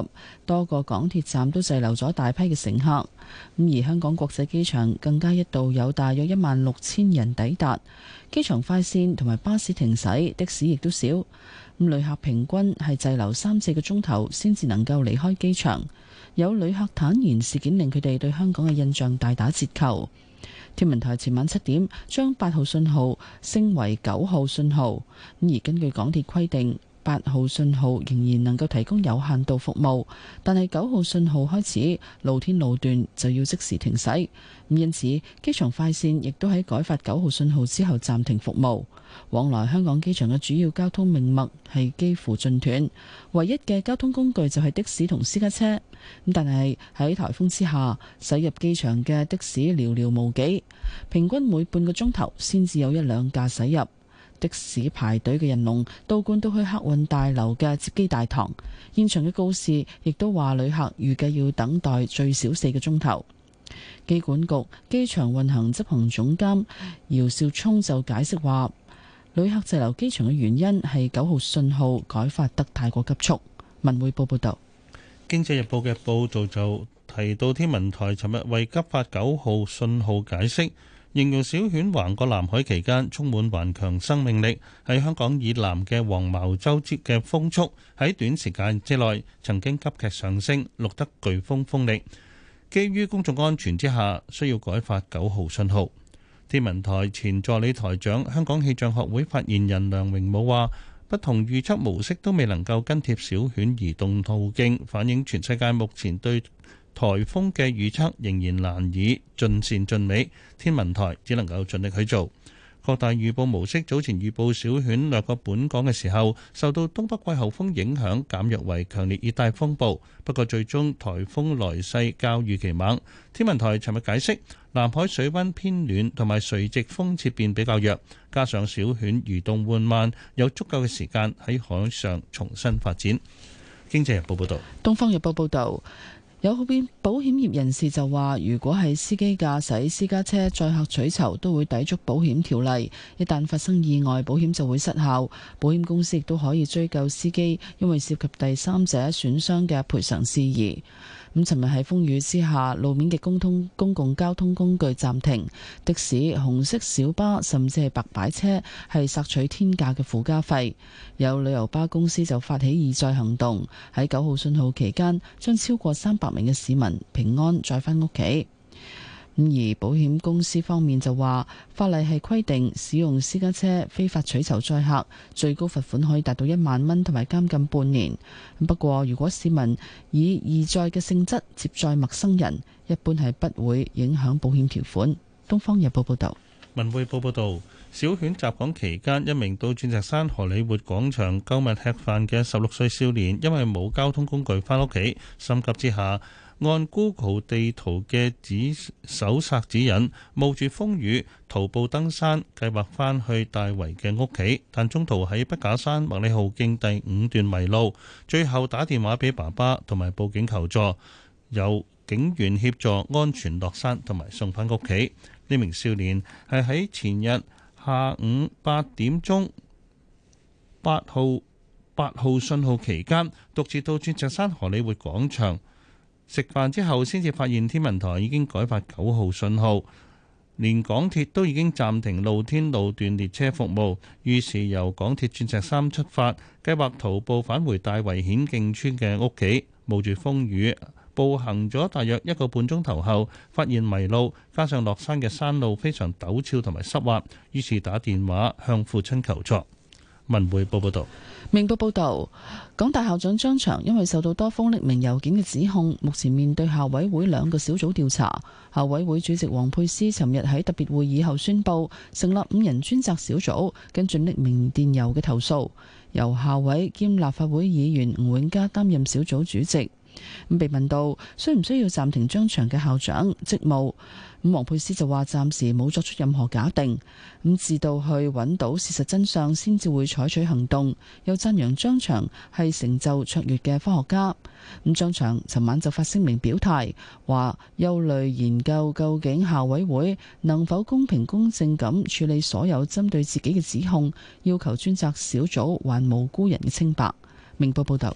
多個港鐵站都滯留咗大批嘅乘客。咁而香港國際機場更加一度有大約一萬六千人抵達，機場快線同埋巴士停駛，的士亦都少。咁旅客平均係滯留三四個鐘頭，先至能夠離開機場。有旅客坦言，事件令佢哋對香港嘅印象大打折扣。天文台前晚七點將八號信號升為九號信號，咁而根據港鐵規定。八號信號仍然能夠提供有限度服務，但係九號信號開始，露天路段就要即時停駛。因此，機場快綫亦都喺改發九號信號之後暫停服務，往來香港機場嘅主要交通命脈係幾乎盡斷，唯一嘅交通工具就係的士同私家車。但係喺颱風之下，駛入機場嘅的，的士寥寥無幾，平均每半個鐘頭先至有一兩架駛入。隊的士排隊嘅人龍，倒灌到去客運大樓嘅接機大堂。現場嘅告示亦都話旅客預計要等待最少四個鐘頭。機管局機場運行執行總監姚少聰就解釋話，旅客滯留機場嘅原因係九號信號改發得太過急促。文匯報報道，經濟日報嘅報道就提到天文台尋日為急發九號信號解釋，形容小犬橫過南海期間充滿頑強生命力，喺香港以南嘅黃茅洲節嘅風速喺短時間之內曾經急劇上升，錄得颶風風力。基於公眾安全之下，需要改發九號信號。天文台前助理台長、香港氣象學會發言人梁榮武話，不同預測模式都未能夠跟貼小犬移動途徑，反映全世界目前對颱風嘅預測仍然難以盡善盡美，天文台只能夠盡力去做。各大預報模式早前預報小犬掠過本港嘅時候，受到東北季候風影響，減弱為強烈熱帶風暴。不過最終颱風來勢較預期猛，天文台尋日解釋，南海水溫偏暖同埋垂直風切變比較弱，加上小犬移動緩慢，有足夠嘅時間喺海上重新發展。經濟日報報道。東方日報報道。有嗰邊，保險業人士就話：如果係司機駕駛私家車載客取酬，都會抵觸保險條例。一旦發生意外，保險就會失效。保險公司亦都可以追究司機，因為涉及第三者損傷嘅賠償事宜。咁，尋日喺風雨之下，路面嘅公通公共交通工具暫停，的士、紅色小巴甚至係白牌車，係索取天價嘅附加費。有旅遊巴公司就發起義載行動，喺九號信號期間，將超過三百名嘅市民平安載返屋企。而保險公司方面就話，法例係規定使用私家車非法取酬載客，最高罰款可以達到一萬蚊，同埋監禁半年。不過，如果市民以義載嘅性質接載陌生人，一般係不會影響保險條款。《東方日報》報道，《文匯報》報道，小犬襲港期間，一名到鑽石山荷里活廣場購物吃飯嘅十六歲少年，因為冇交通工具翻屋企，心急之下，按 Google 地圖嘅指搜索指引，冒住風雨徒步登山，計劃翻去大圍嘅屋企，但中途喺畢架山麥理浩徑第五段迷路，最後打電話俾爸爸同埋報警求助，由警員協助安全落山同埋送返屋企。呢名少年係喺前日下午八點鐘八號八號信號期間獨自到鑽石山荷里活廣場。食飯之後，先至發現天文台已經改發九號信號，連港鐵都已經暫停露天路段列車服務。於是由港鐵鑽石山出發，計劃徒步返回大圍顯徑村嘅屋企，冒住風雨步行咗大約一個半鐘頭後，發現迷路，加上落山嘅山路非常陡峭同埋濕滑，於是打電話向父親求助。文匯報報道，明報報道，港大校長張翔因為受到多封匿名郵件嘅指控，目前面對校委會兩個小組調查。校委會主席王佩斯尋日喺特別會議後宣佈，成立五人專責小組跟進匿名電郵嘅投訴，由校委兼立法會議員吳永嘉擔任小組主席。咁被問到需唔需要暫停張翔嘅校長職務，咁王沛詩就話暫時冇作出任何假定，咁至到去揾到事實真相先至會採取行動。又讚揚張翔係成就卓越嘅科學家。咁張翔尋晚就發聲明表態，話憂慮研究究竟校委會能否公平公正咁處理所有針對自己嘅指控，要求專責小組還無辜人嘅清白。明報報道。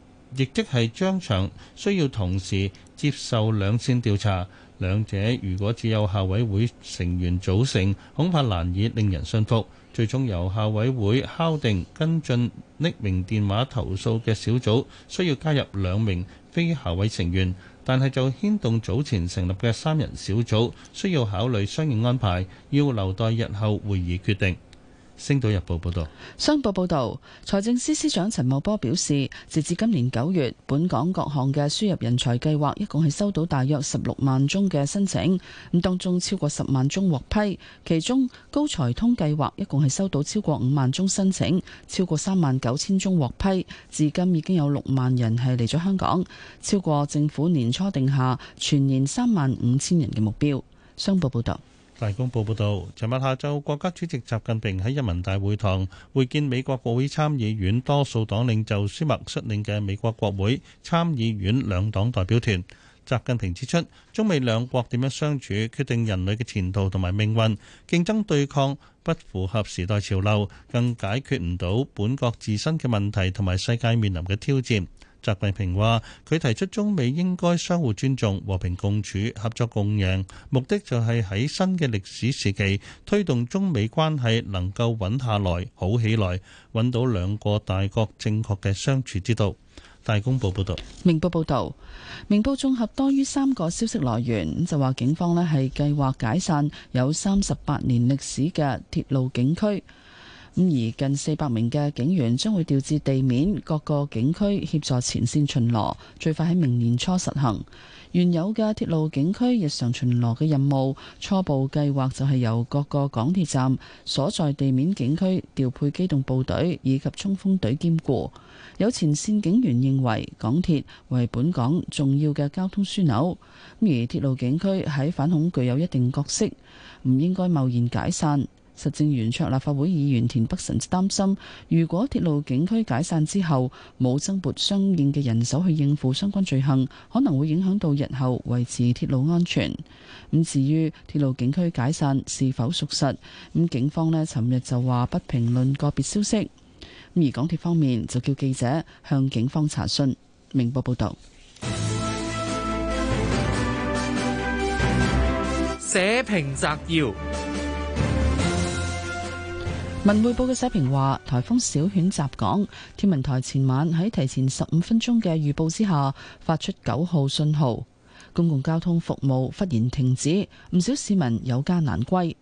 亦即係張翔需要同時接受兩線調查，兩者如果只有校委會成員組成，恐怕難以令人信服。最終由校委會敲定跟進匿名電話投訴嘅小組需要加入兩名非校委成員，但係就牽動早前成立嘅三人小組需要考慮相應安排，要留待日後會議決定。星島日報報道，商報報道，財政司司長陳茂波表示，截至今年九月，本港各項嘅輸入人才計劃一共係收到大約十六萬宗嘅申請，咁當中超過十萬宗獲批，其中高才通計劃一共係收到超過五萬宗申請，超過三萬九千宗獲批，至今已經有六萬人係嚟咗香港，超過政府年初定下全年三萬五千人嘅目標。商報報道。大公報報導，尋日下晝，國家主席習近平喺人民大會堂會見美國國會參議院多數黨領袖舒默率領嘅美國國會參議院兩黨代表團。習近平指出，中美兩國點樣相處，決定人類嘅前途同埋命運。競爭對抗不符合時代潮流，更解決唔到本國自身嘅問題同埋世界面臨嘅挑戰。習近平話：佢提出中美應該相互尊重、和平共處、合作共贏，目的就係喺新嘅歷史時期推動中美關係能夠穩下來、好起來，揾到兩個大國正確嘅相處之道。大公報報道，明報報道，明報綜合多於三個消息來源，就話警方咧係計劃解散有三十八年歷史嘅鐵路警區。咁而近四百名嘅警員將會調至地面各個警區協助前線巡邏，最快喺明年初實行。原有嘅鐵路警區日常巡邏嘅任務，初步計劃就係由各個港鐵站所在地面警區調配機動部隊以及衝鋒隊兼顧。有前線警員認為，港鐵為本港重要嘅交通樞紐，而鐵路警區喺反恐具有一定角色，唔應該貿然解散。實政圓桌立法會議員田北辰擔心，如果鐵路警區解散之後冇增撥相應嘅人手去應付相關罪行，可能會影響到日後維持鐵路安全。咁至於鐵路警區解散是否屬實，咁警方咧尋日就話不評論個別消息。而港鐵方面就叫記者向警方查詢。明報報道。社評摘要。文匯報嘅社評話：颱風小犬襲港，天文台前晚喺提前十五分鐘嘅預報之下發出九號信號，公共交通服務忽然停止，唔少市民有家難歸。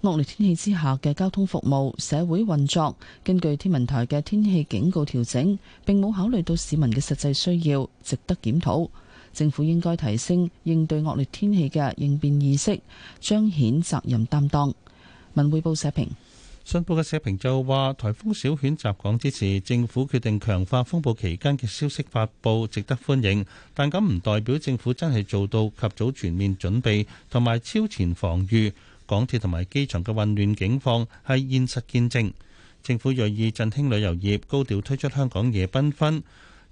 惡劣天氣之下嘅交通服務、社會運作，根據天文台嘅天氣警告調整，並冇考慮到市民嘅實際需要，值得檢討。政府應該提升應對惡劣天氣嘅應變意識，彰顯責任擔當。文匯報社評。信報嘅社評就話：颱風小犬襲港之時，政府決定強化風暴期間嘅消息發布，值得歡迎。但咁唔代表政府真係做到及早全面準備同埋超前防禦。港鐵同埋機場嘅混亂景況係現實見證。政府銳意振興旅遊業，高調推出香港夜繽紛，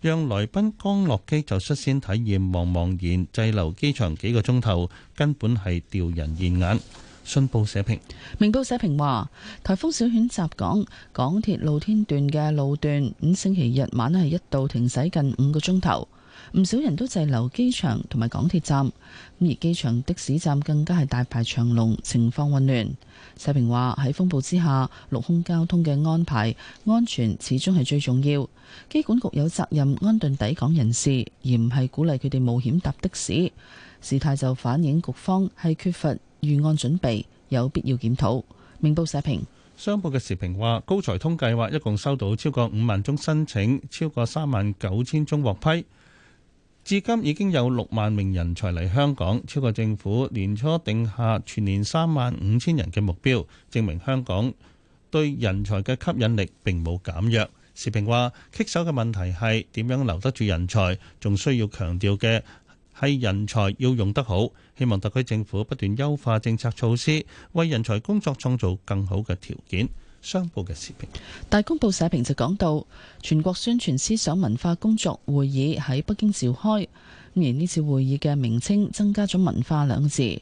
讓來賓剛落機就率先體驗茫茫然滯留機場幾個鐘頭，根本係丟人現眼。信報社評，明報社評話，颱風小犬襲港，港鐵露天段嘅路段咁，星期日晚係一度停駛近五個鐘頭，唔少人都滯留機場同埋港鐵站。咁而機場的士站更加係大排長龍，情況混亂。社評話喺風暴之下，陸空交通嘅安排安全始終係最重要。機管局有責任安頓抵港人士，而唔係鼓勵佢哋冒險搭的士。事態就反映局方係缺乏預案準備有必要檢討。明報社評，商報嘅時評話，高才通計劃一共收到超過五萬宗申請，超過三萬九千宗獲批，至今已經有六萬名人才嚟香港，超過政府年初定下全年三萬五千人嘅目標，證明香港對人才嘅吸引力並冇減弱。時評話，棘手嘅問題係點樣留得住人才，仲需要強調嘅。係人才要用得好，希望特區政府，不斷優化政策措施，為人才工作創造更好嘅條件。商報嘅時評、大公報社評就講到，全國宣傳思想文化工作會議喺北京召開，而呢次會議嘅名稱增加咗“文化”兩字。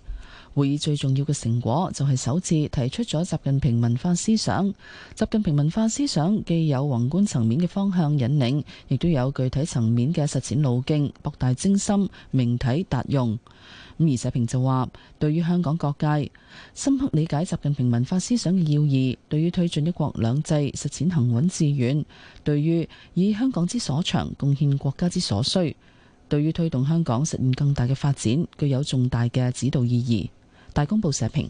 會議最重要嘅成果就係首次提出咗習近平文化思想。習近平文化思想既有宏觀層面嘅方向引領，亦都有具體層面嘅實踐路徑，博大精深，明體達用。而，葉小平就話：對於香港各界深刻理解習近平文化思想嘅要義，對於推進一國兩制實踐行穩致遠，對於以香港之所長貢獻國家之所需，對於推動香港實現更大嘅發展，具有重大嘅指導意義。大公報社評：《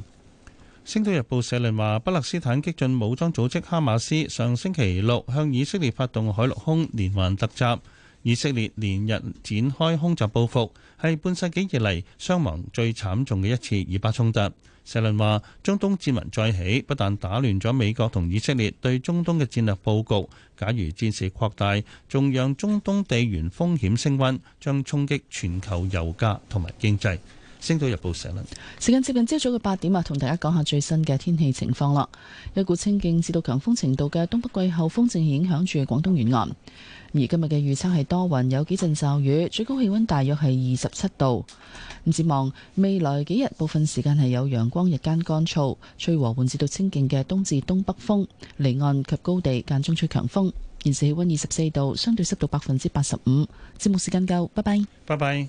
星島日報》社論話，巴勒斯坦激進武裝組織哈馬斯上星期六向以色列發動海陸空連環突襲，以色列連日展開空襲報復，係半世紀以嚟傷亡最慘重嘅一次以巴衝突。社論話，中東戰雲再起，不但打亂咗美國同以色列對中東嘅戰略布局，假如戰事擴大，仲讓中東地緣風險升溫，將衝擊全球油價同埋經濟。昇到日報上》社論，時間接近朝早嘅八點啊，同大家講下最新嘅天氣情況啦。一股清勁至到強風程度嘅東北季候風正影響住廣東沿岸。而今日嘅預測係多雲，有幾陣驟雨，最高氣溫大約係二十七度。咁展望未來幾日，部分時間係有陽光，日間乾燥，吹和緩至到清勁嘅東至東北風，離岸及高地間中吹強風。現時氣溫二十四度，相對濕度百分之八十五。節目時間夠，拜拜，拜拜。